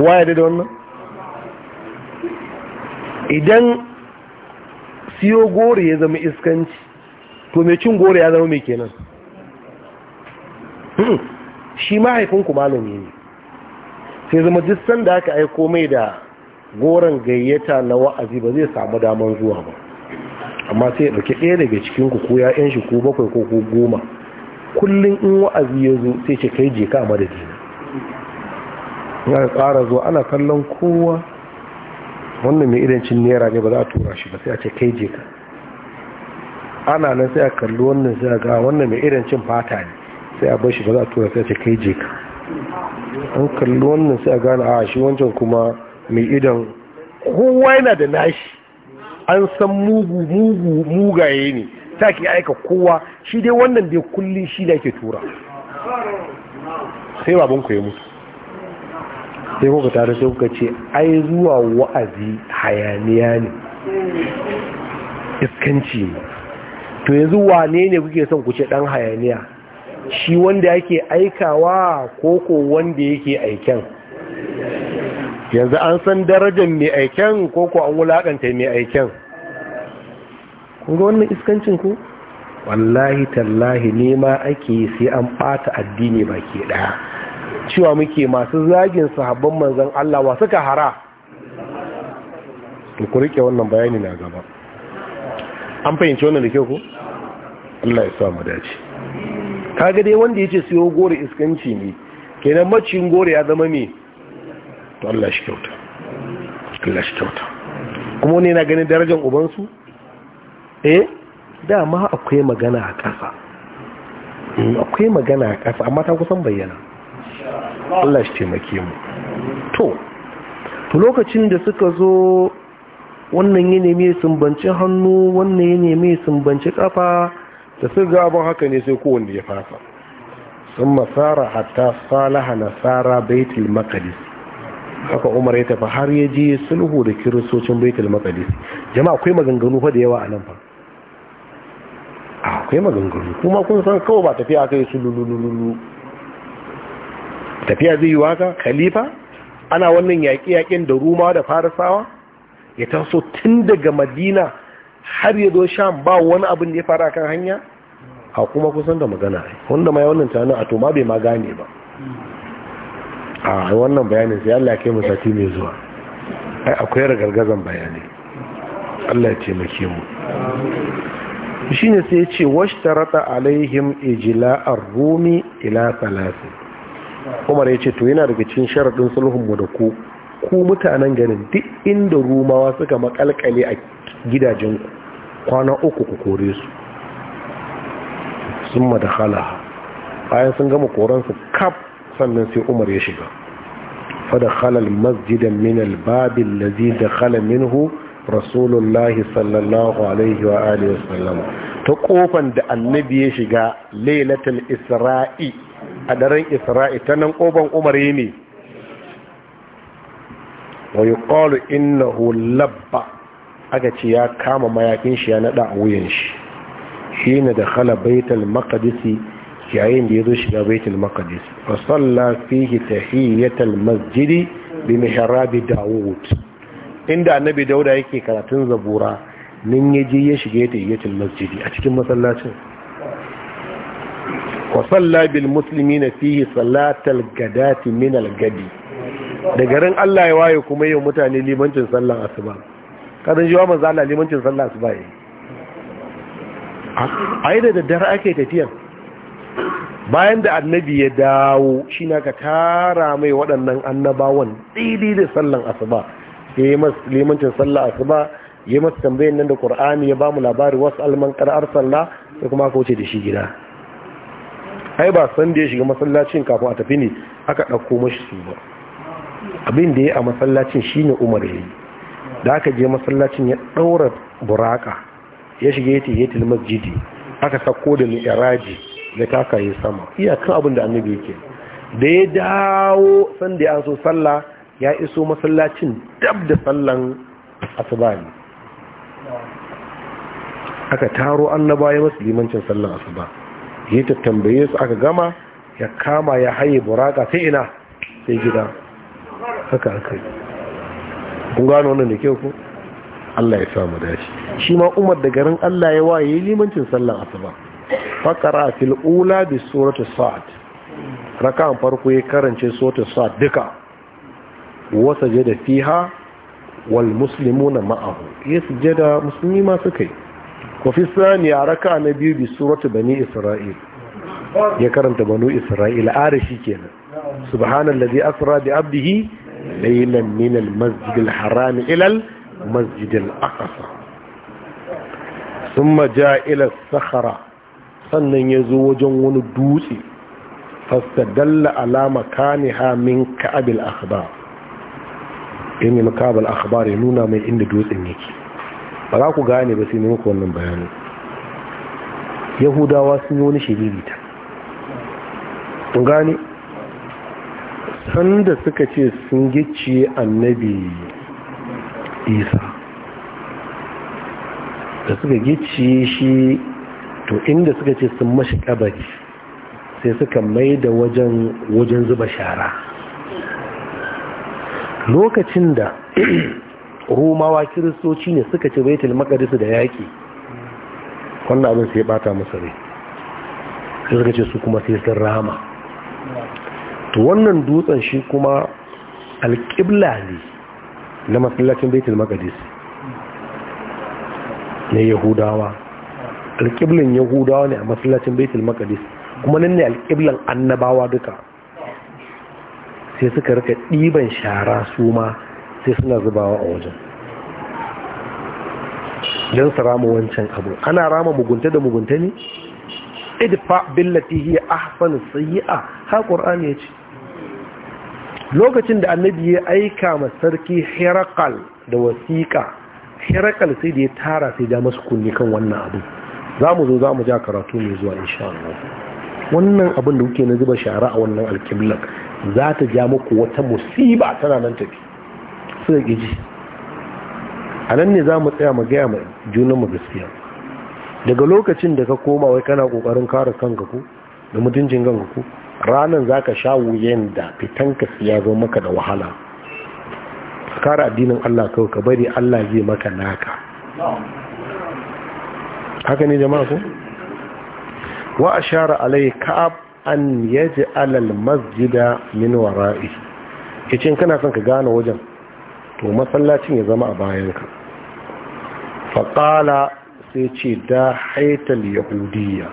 kowa ya da wannan idan siyo goro ya zama iskanci to mai cin gori ya zama mai kenan hmm, shi mahaifinku malami ne sai zama duk sanda aka aiko mai da goron gayyata na wa'azi ba zai samu daman zuwa ba amma sai ya ɗauki ɗaya daga cikinku ko ya 'yan shi ko bakwai ko goma kullum in wa'azi ya zo sai ce kai je a madadina ya kara zuwa ana kallon kowa wannan mai idancin naira ne ba za a tura shi ba sai a ce kai je ka ana nan sai a kalli wannan sai a ga wannan mai idancin fata ne sai a bar shi ba za a tura sai a ce kai je ka an kalli wannan sai a gane a ah, shi wancan kuma mai idan kowa yana da nashi an san mugu mugu mugaye ne ta ke aika kowa shi dai wannan dai kulle shi da ke tura sai babanku ya mutu sai kuka tare sai kuka ce ai zuwa wa'azi hayaniya ne iskanci ne to yanzu wane ne kuke son ku ce dan hayaniya shi wanda yake aikawa ko ko wanda yake aiken yanzu an san darajar mai aiken ko ko an wulakanta mai aiken kun ga wannan iskancin ku wallahi tallahi nema ake sai an bata addini baki daya cewa muke masu zagin sahabban manzan Allah wa suka hara ku rike wannan bayani na gaba an fahimci wannan da ke ku Allah ya samu dace kaga dai wanda ya ce siyo gore iskanci ne kenan macin gore ya zama me to Allah shi kyauta Allah shi kyauta kuma wani yana ganin darajar ubansu eh dama akwai magana a ƙasa hmm, akwai magana a ƙasa amma ta kusan bayyana Allah shi taimake mu to to lokacin da suka zo wannan ya mai sumbanci hannu wannan ya mai sumbanci kafa da su ga abin haka ne sai kowanne ya fasa sun masara hatta salaha nasara baitul maqdis haka umar ya tafi har ya je sulhu da kiristocin baitul maqdis jama'a akwai maganganu fa da yawa a nan fa akwai maganganu kuma kun san kawai ba tafiya kai su lulululu tafiya zai yi waka khalifa ana wannan yaƙi-yaƙin da ruma da farisawa ya taso tun daga madina har ya zo sham ba wani abin da ya fara kan hanya a kuma kusan da magana wanda mai wannan tunanin a toma bai ma gane ba a wannan bayanin sai Allah kai mu sati mai zuwa ai akwai ragargazan bayani Allah ya taimake mu shi ne sai ya ce tarata alaihim ijla'ar rumi ila thalath umar ya ce to yana daga cikin sharaɗin sulhunmu da ku mutanen ganin duk inda rumawa suka makalkale a gidajen kwana uku ku kore su sun da halaha bayan sun gama koransu kaf sannan sai umar ya shiga fada halal masjidan min albabin lazi da halal minhu rasulullahi sallallahu alaihi wa alihi wasallam ta kofan da annabi ya shiga lailatul isra'i a daren isra'i ta nan ƙoban umar yi ne wa yi ƙolu innahu labba aka ce ya kama mayakin shi ya naɗa a wuyan shi shi ne da khala baitul maqdisi yayin da ya zo shiga baitul maqdis fa salla fihi tahiyatul masjidi bi mihrab daud inda annabi dauda yake karatun zabura nin yaje ya shige tahiyatul masjidi a cikin masallacin wa salla Musulmi na fihi salatal gadati min al gadi da garin Allah ya waye kuma yau mutane limancin sallan asuba kadan jiwa manzo Allah limancin sallan asuba yi ai da daddare ake tafiya bayan da annabi ya dawo shi na ka tara mai waɗannan annabawan daidai da sallan asuba ya yi masu limancin sallan asuba ya yi masu tambayin nan da ƙur'ani ya ba mu labari wasu alman ƙar'ar sallah da kuma aka wuce da shi gida kai ba san da ya shiga masallacin kafin a tafi ne aka ɗauko mashi su ba abin da ya a masallacin ne umar ya yi da aka je masallacin ya ɗaura buraka ya shiga ya tiye masjidi aka sako da mi'raji da takaye sama iyakan abin da annabi yake da ya dawo san da ya so sallah ya iso masallacin dab da sallan asuba ne aka taro annaba ya masu limancin sallan asuba ya ta tambaye su aka gama ya kama ya haye buraka sai ina sai gida haka aka yi kun gano wannan da kyau ku Allah ya samu dashi shi ma umar da garin Allah ya waye limancin sallan asuba fakara fil ula bi suratu sa'd rakan farko ya karance suratu sa'd duka wa sajada fiha wal muslimuna ma'ahu ya sujada musulmi ma suka yi wafi saniya raka na biyu bi suratu bani isra'il ya karanta banu isra'il arishi kenan subhanallazi asra bi abdihi laylan min almasjid alharam ila almasjid alaqsa thumma jaa ila sakhara sannan yazo wajen wani dutse fastadalla ala makaniha min ka'ab alakhbar in min ka'ab alakhbar nuna mai inda dutsen yake ba za ku gane ba sai ne muku wannan bayanin yahudawa sun yi wani ta kun gane sanda suka ce sun gicciye annabi isa da suka gicciye shi to inda suka ce sun mashi kabari sai suka mai da wajen wajen zuba shara lokacin da romawa kiristoci ne suka ci baitul maqdis da yaki wannan abin sai bata musu rai sai suka ce su kuma sai sun rama to wannan dutsen shi kuma alƙibla ne na masallacin baitul maqdis na yahudawa alƙiblan yahudawa ne a masallacin baitul maqdis kuma nan ne alƙiblan annabawa duka sai suka rika ɗiban shara su ma sai suna zubawa a wajen don su rama wancan abu ana rama mugunta da mugunta ne idfa billati hiya ahsanu sayyi'a ha qur'ani yace lokacin da annabi ya aika ma sarki hirakal da wasiƙa hirakal sai da ya tara sai da masu kunni kan wannan abu zamu zo zamu ja karatu mai zuwa insha Allah wannan abin da kuke na zuba shara a wannan alkiblar za ta ja muku wata musiba tana nan tafi da a nan ne za mu tsaya mu gaya mai junanmu gaskiya daga lokacin da ka koma wai kana kokarin kare kanka ko da mutuncin kanka ko ranar za ka sha wuyan da fitan ka ya zo maka da wahala kare addinin Allah kawai ka bari Allah zai maka naka haka ne jama'a ko. wa ashara alai ka'ab an yaji alal masjida min wara'i kicin kana son ka gane wajen to masallacin ya zama a bayanka faƙala sai ce da haital yahudiya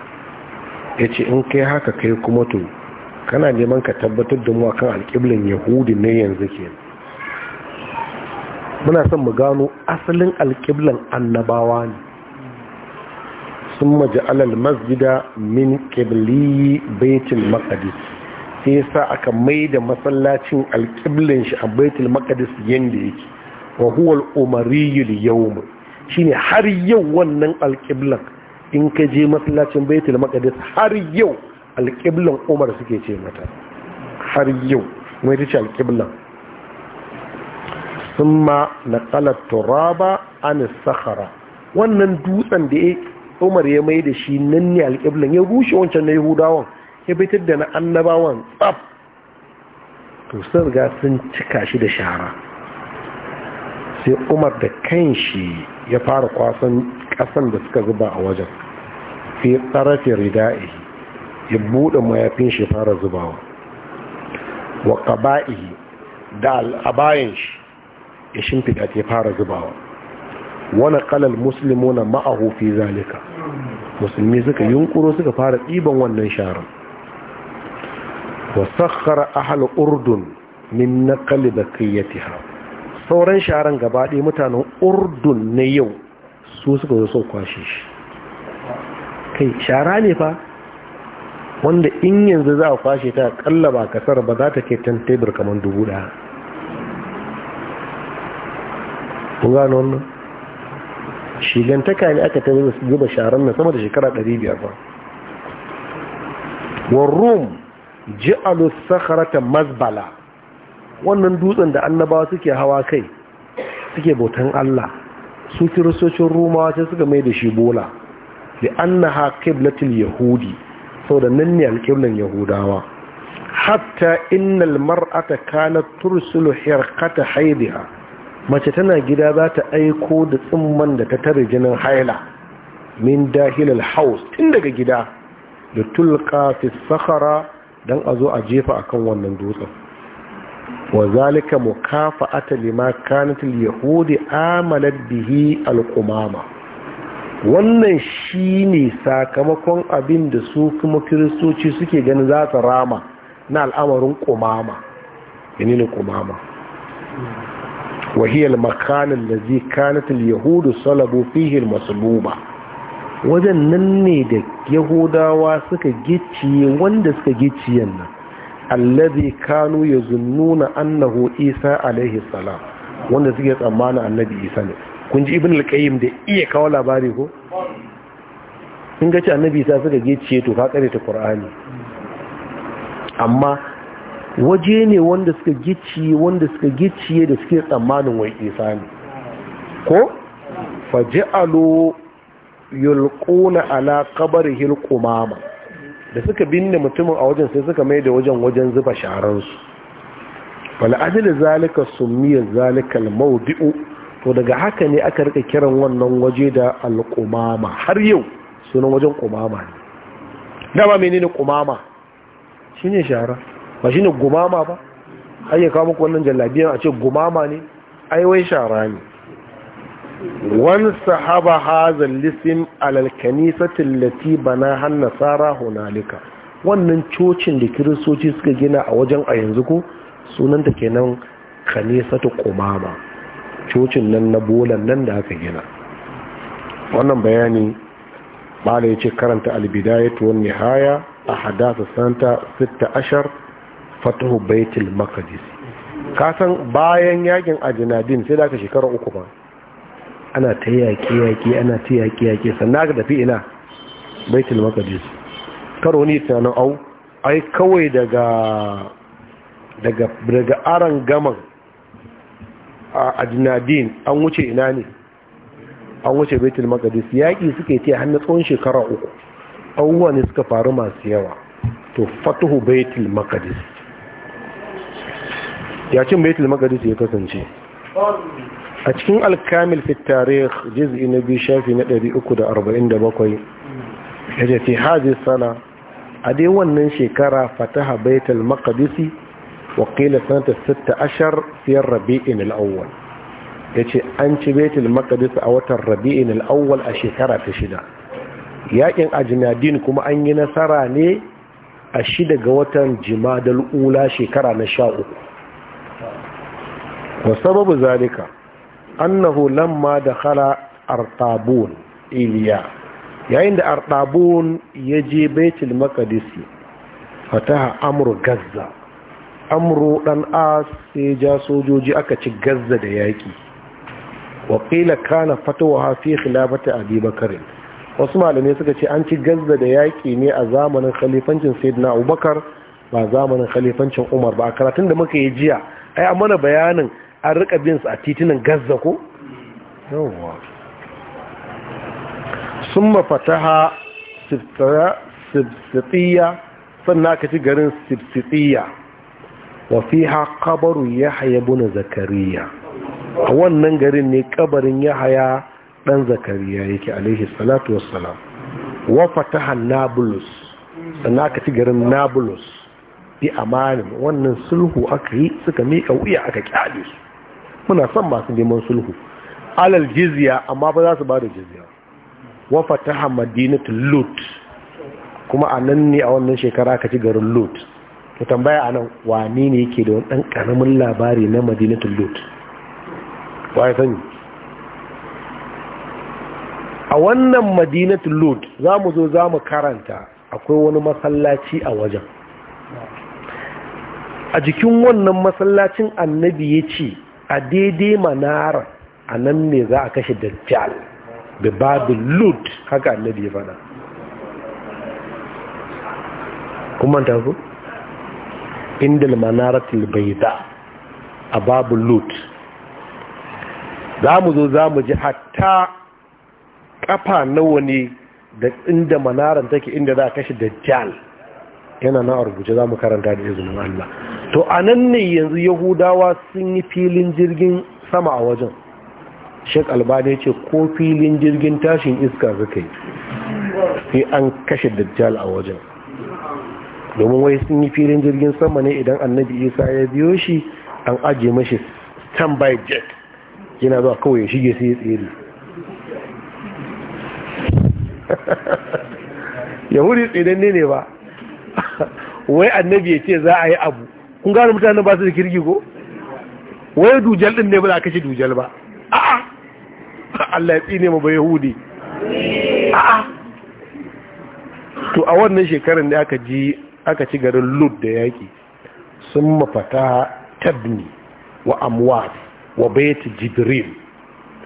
ya ce in kai haka kai kuma to kana neman ka tabbatar da mu kan alƙiblin yahudi ne yanzu ke. muna son mu gano asalin alƙiblan annabawa ne sun maji alal masjida min ƙibli baitul maqdis sai ya sa aka mai da masallacin alƙiblin shi a baitul makadis yanda yake wa huwa al-umariyul yawm shine har yau wannan alƙiblan in ka je masallacin baitul makadis har yau alƙiblan umar suke ce mata har yau mai ta ce sun ma na turaba an sahara wannan dutsen da ya umar ya mai da shi nan ne alƙiblan ya rushe wancan na yahudawan ya da na annabawan tsab to sun riga sun cika shi da shara sai umar da kanshi ya fara kwasan kasan da suka zuba a wajen fi tsarafi rida'i ya buɗe mayafin shi fara zubawa wa ƙaba'i da al'abayin shi ya shimfiɗa ta fara zubawa wani ƙalal musulmi na ma'ahu fi zalika musulmi suka yunkuro suka fara ɗiban wannan sharan wa ahal urdun min naqli baqiyatiha sauran sharan gaba mutanen urdun na yau su suka zo sun kwashe shi kai shara ne fa wanda in yanzu za a kwashe ta kalla ba kasar ba za ta ke tan tebur kamar dubu ɗaya kun gano wannan shigantaka ne aka ta zuba sharan nan sama da shekara 500 ba warrum ji'alu sakharata mazbala wannan dutsen da annabawa suke hawa kai suke bautan Allah su kiristocin rumawa sai suka mai da shi bola li annaha qiblatul yahudi saboda nan ne alqiblan yahudawa hatta innal mar'ata kanat tursilu hirqata haidiha mace tana gida za ta aiko da tsimman da ta tare jinin haila min dahilal house tun daga gida da tulqa fi sakhara don a zo a jefa a kan wannan dutsen wa zalika mukafa'ata lima kanat yahudi amalar bihi al-qumama wannan shine sakamakon abin da su kuma kiristoci suke ganin za ta rama na al'amarin kumama. yani ne kumama? wa hiya al-makan allazi kanat salabu fihi al wajen nan ne da yahudawa suka gicciye wanda suka gicciye nan allazi kanu zununa annahu isa alaihi salam wanda suke tsammanin annabi isa ne kun ji ibn al-qayyim da iya kawo labari ko kun ga ci annabi isa suka gicciye to ka kare ta qur'ani amma waje ne wanda suka gicciye wanda suka gicciye da suke tsammanin wai isa ne ko faj'alu yulquna ala qabrihi alqumama da suka binne mutumin a wajen sai suka mai da wajen wajen zuba sharansu wal ajli zalika sumiya zalikal maubi'u to daga haka ne aka rika kiran wannan waje da alqumama har yau sunan wajen qumama ne dama menene qumama shine shara ba shine gumama ba ayyaka muku wannan jallabiyan a ce gumama ne ai shara ne wan sahaba hazal lisim alal kanisatin lati bana han nasara hunalika wannan cocin da kiristoci suka gina a wajen a yanzu ko sunanta kenan kanisatu kumama cocin nan na bolan nan da aka gina wannan bayani bala ya ce karanta albidaya wan nihaya a hadasa santa 16 fatahu baitul maqdis kasan bayan yakin ajinadin sai da aka shekara uku ba ana ta yaƙi yaƙi ana ta yaƙi yaƙi sannan aka tafi ina baitul maqdis karo ni tunanin au ai kawai daga daga daga aran gaman a adnadin an wuce ina ne an wuce baitul maqdis yaƙi suke ta hannu tsawon shekara uku abubuwa ne suka faru masu yawa to fatuhu baitul maqdis ya cin baitul maqdis ya kasance a cikin alkamil fi tarih na biyu shafi na 347 ya ce fi haji sana a dai wannan shekara fataha baital-makadisi wakilin qila sanata 16 fiye rabi'in al'awwal ya ce an ci baital makadisi a watan rabi'in al'awwal a shekara ta shida yakin ajnadin kuma an yi nasara ne a shida ga watan jimadal ula shekara na sha'u wa sababu zalika annahu lamma da khala artabun iliya yayin da artabun ya je baitul makadisi fataha amru gazza amru dan as sai ja sojoji aka ci gazza da yaki waƙila kana fatawa fi khilafati abi bakr wasu malamai suka ce an ci gazza da yaki ne a zamanin khalifancin sayyidina abubakar ba zamanin khalifancin umar ba karatun da muka yi jiya ai mana bayanin an rika bin su a titunan gaza ko yawwa sun ha sibsitiya sannan aka ci garin fi wafiha kabaru ya haya buna zakariya a wannan garin ne kabarin ya haya dan zakariya yake alaihi salatu wassalam ha nablus sannan aka ci garin nablus bi amalin wannan sulhu aka yi suka miƙa wuya aka kyale su muna son masu neman sulhu alal jizya amma ba za su ba da jizya wa fataha madinatu lut kuma a nan ne a wannan shekara ka ci garin lut ka tambaya a nan wani ne yake da wani ɗan ƙaramin labari na madinatu lut ya sani a wannan madinatu lut za mu zo za mu karanta akwai wani masallaci a wajen a jikin wannan masallacin annabi ya ce a daidai manara a nan ne za a kashe dajjal da babin lud haka annabi ya fada kuma ta ku indal manaratul baida a babin lud za mu zo za mu ji hatta kafa nawa ne da inda manaran take inda za a kashe dajjal yana na rubuce za mu karanta da izinin Allah to a nan ne yanzu yahudawa sun yi filin jirgin sama a wajen shek albani ce ko filin jirgin tashin iska suka yi sai an kashe dajjal a wajen domin wai sun yi filin jirgin sama ne idan annabi isa ya biyo shi an ajiye mashi stand by jet yana zuwa kawai ya shige sai ya tsere <laughs> yahudi ne ne ba <laughs> wai annabi ya ce za a yi abu kun gane mutanen ba su da kirki ko wai dujal din ne ba za ka ci dujal ba a'a Allah ya tsine bai ba yahudi a'a to a wannan shekarar da aka ji aka ci garin lud da yaki sun mafata tabni wa amwar wa bayt jibril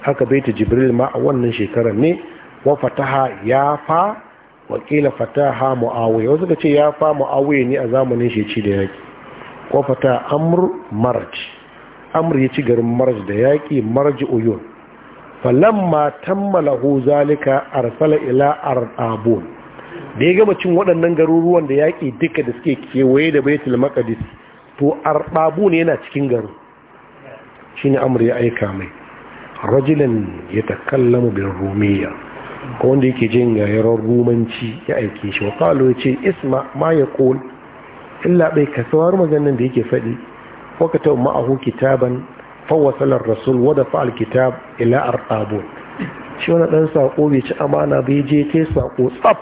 haka bayt jibril ma a wannan shekarar ne wa fataha yafa wa kila fataha muawiya wasu ka ce yafa muawiya ne a zamanin shi ci da yaki kwafata Amur marj Amur ya ci garin marj da yaƙi marj uyun falamma tammalahu zalika arsala ila arbun da ya gama cin waɗannan garuruwan da yaƙi duka da suke kewaye da baitul maqdis to ne yana cikin garin shine amr ya aika mai rajulan yatakallamu bil rumiyya ko wanda yake jin gayarar rumanci ya aike shi wa qalo yace isma ma ya yaqul illa bai ka maganin da yake faɗi waka ta ma'ahu kitaban fawasalar rasul wadda fa'al kitab ila arqabun shi wani ɗan sako bai ci amana bai je ta sako tsaf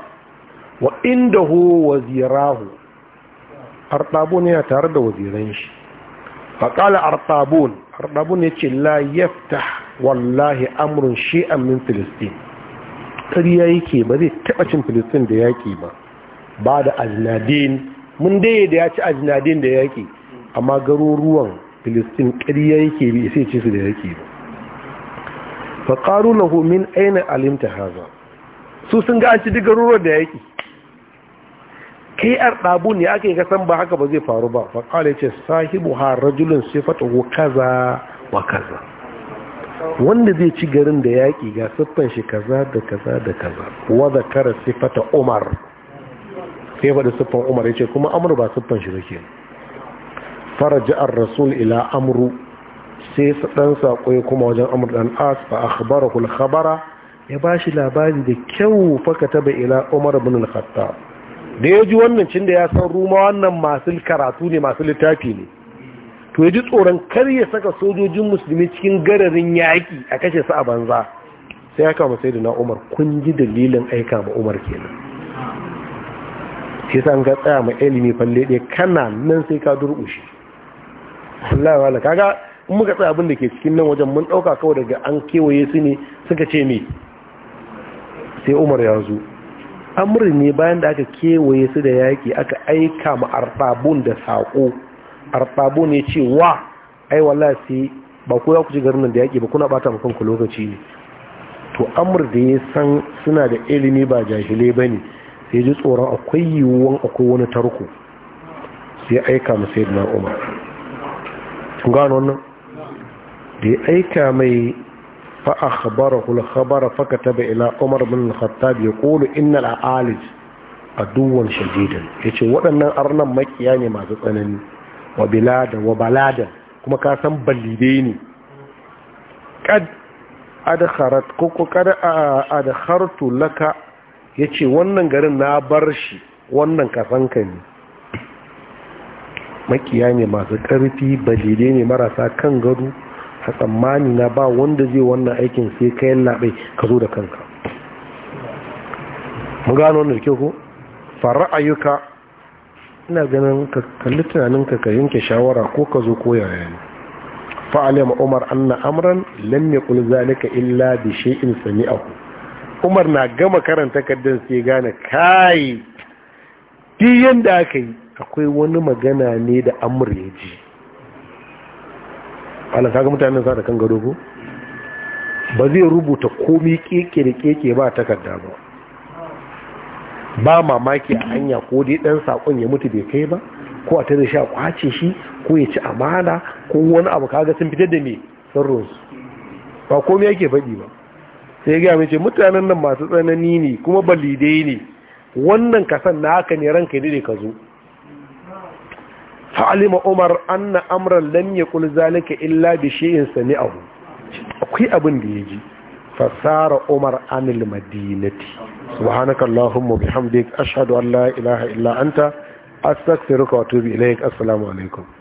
wa inda hu wazirahu arqabun yana tare da waziran shi faƙala arqabun arqabun ya ce la yafta wallahi amrun shi'an min filistin ƙarya yake ba zai taɓa cin filistin da yaƙi ba ba da ajnadin mun daya da ya ci ajinadin da yaƙi amma garuruwan filistin ya yake bi sai ci su da yaƙi ba fa na homin aina alimta haza su sun ga an ci duk garuruwan da yaƙi kai ɗab'u ne aka yi kasan ba haka ba zai faru ba fa ya ce sahibu ha rajulun ko kaza wa kaza wanda zai ci garin da yaƙi ga siffan shi kaza da kaza da kaza wa zakara sifata umar sai faɗi siffan umar ya ce kuma amuru ba siffan shi ba ke faraja rasul ila amru sai su ɗan saƙo ya kuma wajen amru ɗan as a khabara al khabara ya shi labari da kyau faka taba ila umar ibn al da ya ji wannan cin da ya san ruma wannan masu karatu ne masu littafi ne to ya ji tsoron kar ya saka sojojin musulmi cikin gararin yaƙi a kashe su a banza sai ya kama sai da na umar kun ji dalilin aika ma umar kenan shi sa an tsaya ma ilimi falle ɗaya kana nan sai ka durƙushe Allah wala kaga in muka tsaya abin da ke cikin nan wajen mun ɗauka kawai daga an kewaye su ne suka ce me sai Umar ya zo amurin ne bayan da aka kewaye su da yaƙi aka aika ma arfabun da saƙo arfabun ya ce wa ai wala sai ba ku ya kuci garin da yaƙi ba kuna bata mafan ku lokaci ne to amur da ya san suna da ilimi ba jahilai ba ne. sai ji tsoron akwai yiwuwan akwai wani tarko sai aika mu sai na umar kun gano wannan da ya aika mai فأخبره الخبر فكتب إلى ya بن الخطاب al'alij a duwan عدوا Ya ce waɗannan arnan makiya ne masu tsanani wa bilada wa balada kuma ka san balibe ne kad adkharat kuku kad adkhartu laka ya ce wannan garin na bar shi wannan kasan kani makiya ne masu ƙarfi balile ne marasa kan gado a tsammani na ba wanda zai wannan aikin sai kayan laɓe ka zo da kanka mu gano wanda ke ku fara ayyuka ina ganin ka kalli tunaninka ka yanke shawara ko ka zo koya yayi ma umar anna amran lam yaqul zalika illa bi shay'in sami'ahu umar na gama karanta takardar sai gane kai duk yadda aka yi akwai wani magana ne da amur ya ji alaka ga mutanen sa da kan gado ko ba zai rubuta komi keke da keke ba takarda ba ba mamaki a hanya ko dai dan sakon ya mutu bai kai ba ko a tare shi kwace shi ko ya ci amana ko wani abu kaga sun fitar da me sarros ba komai yake faɗi ba sai ga mace mutanen nan masu tsanani ne kuma balidai ne wannan kasan na haka ne ranka ne da ka zo fa'alima umar anna amran lam yakul zalika illa bi shay'in sami'ahu akwai abin da yaji fasara umar anil madinati subhanaka allahumma bihamdik ashhadu an la ilaha illa anta astaghfiruka wa atubu ilaik assalamu alaikum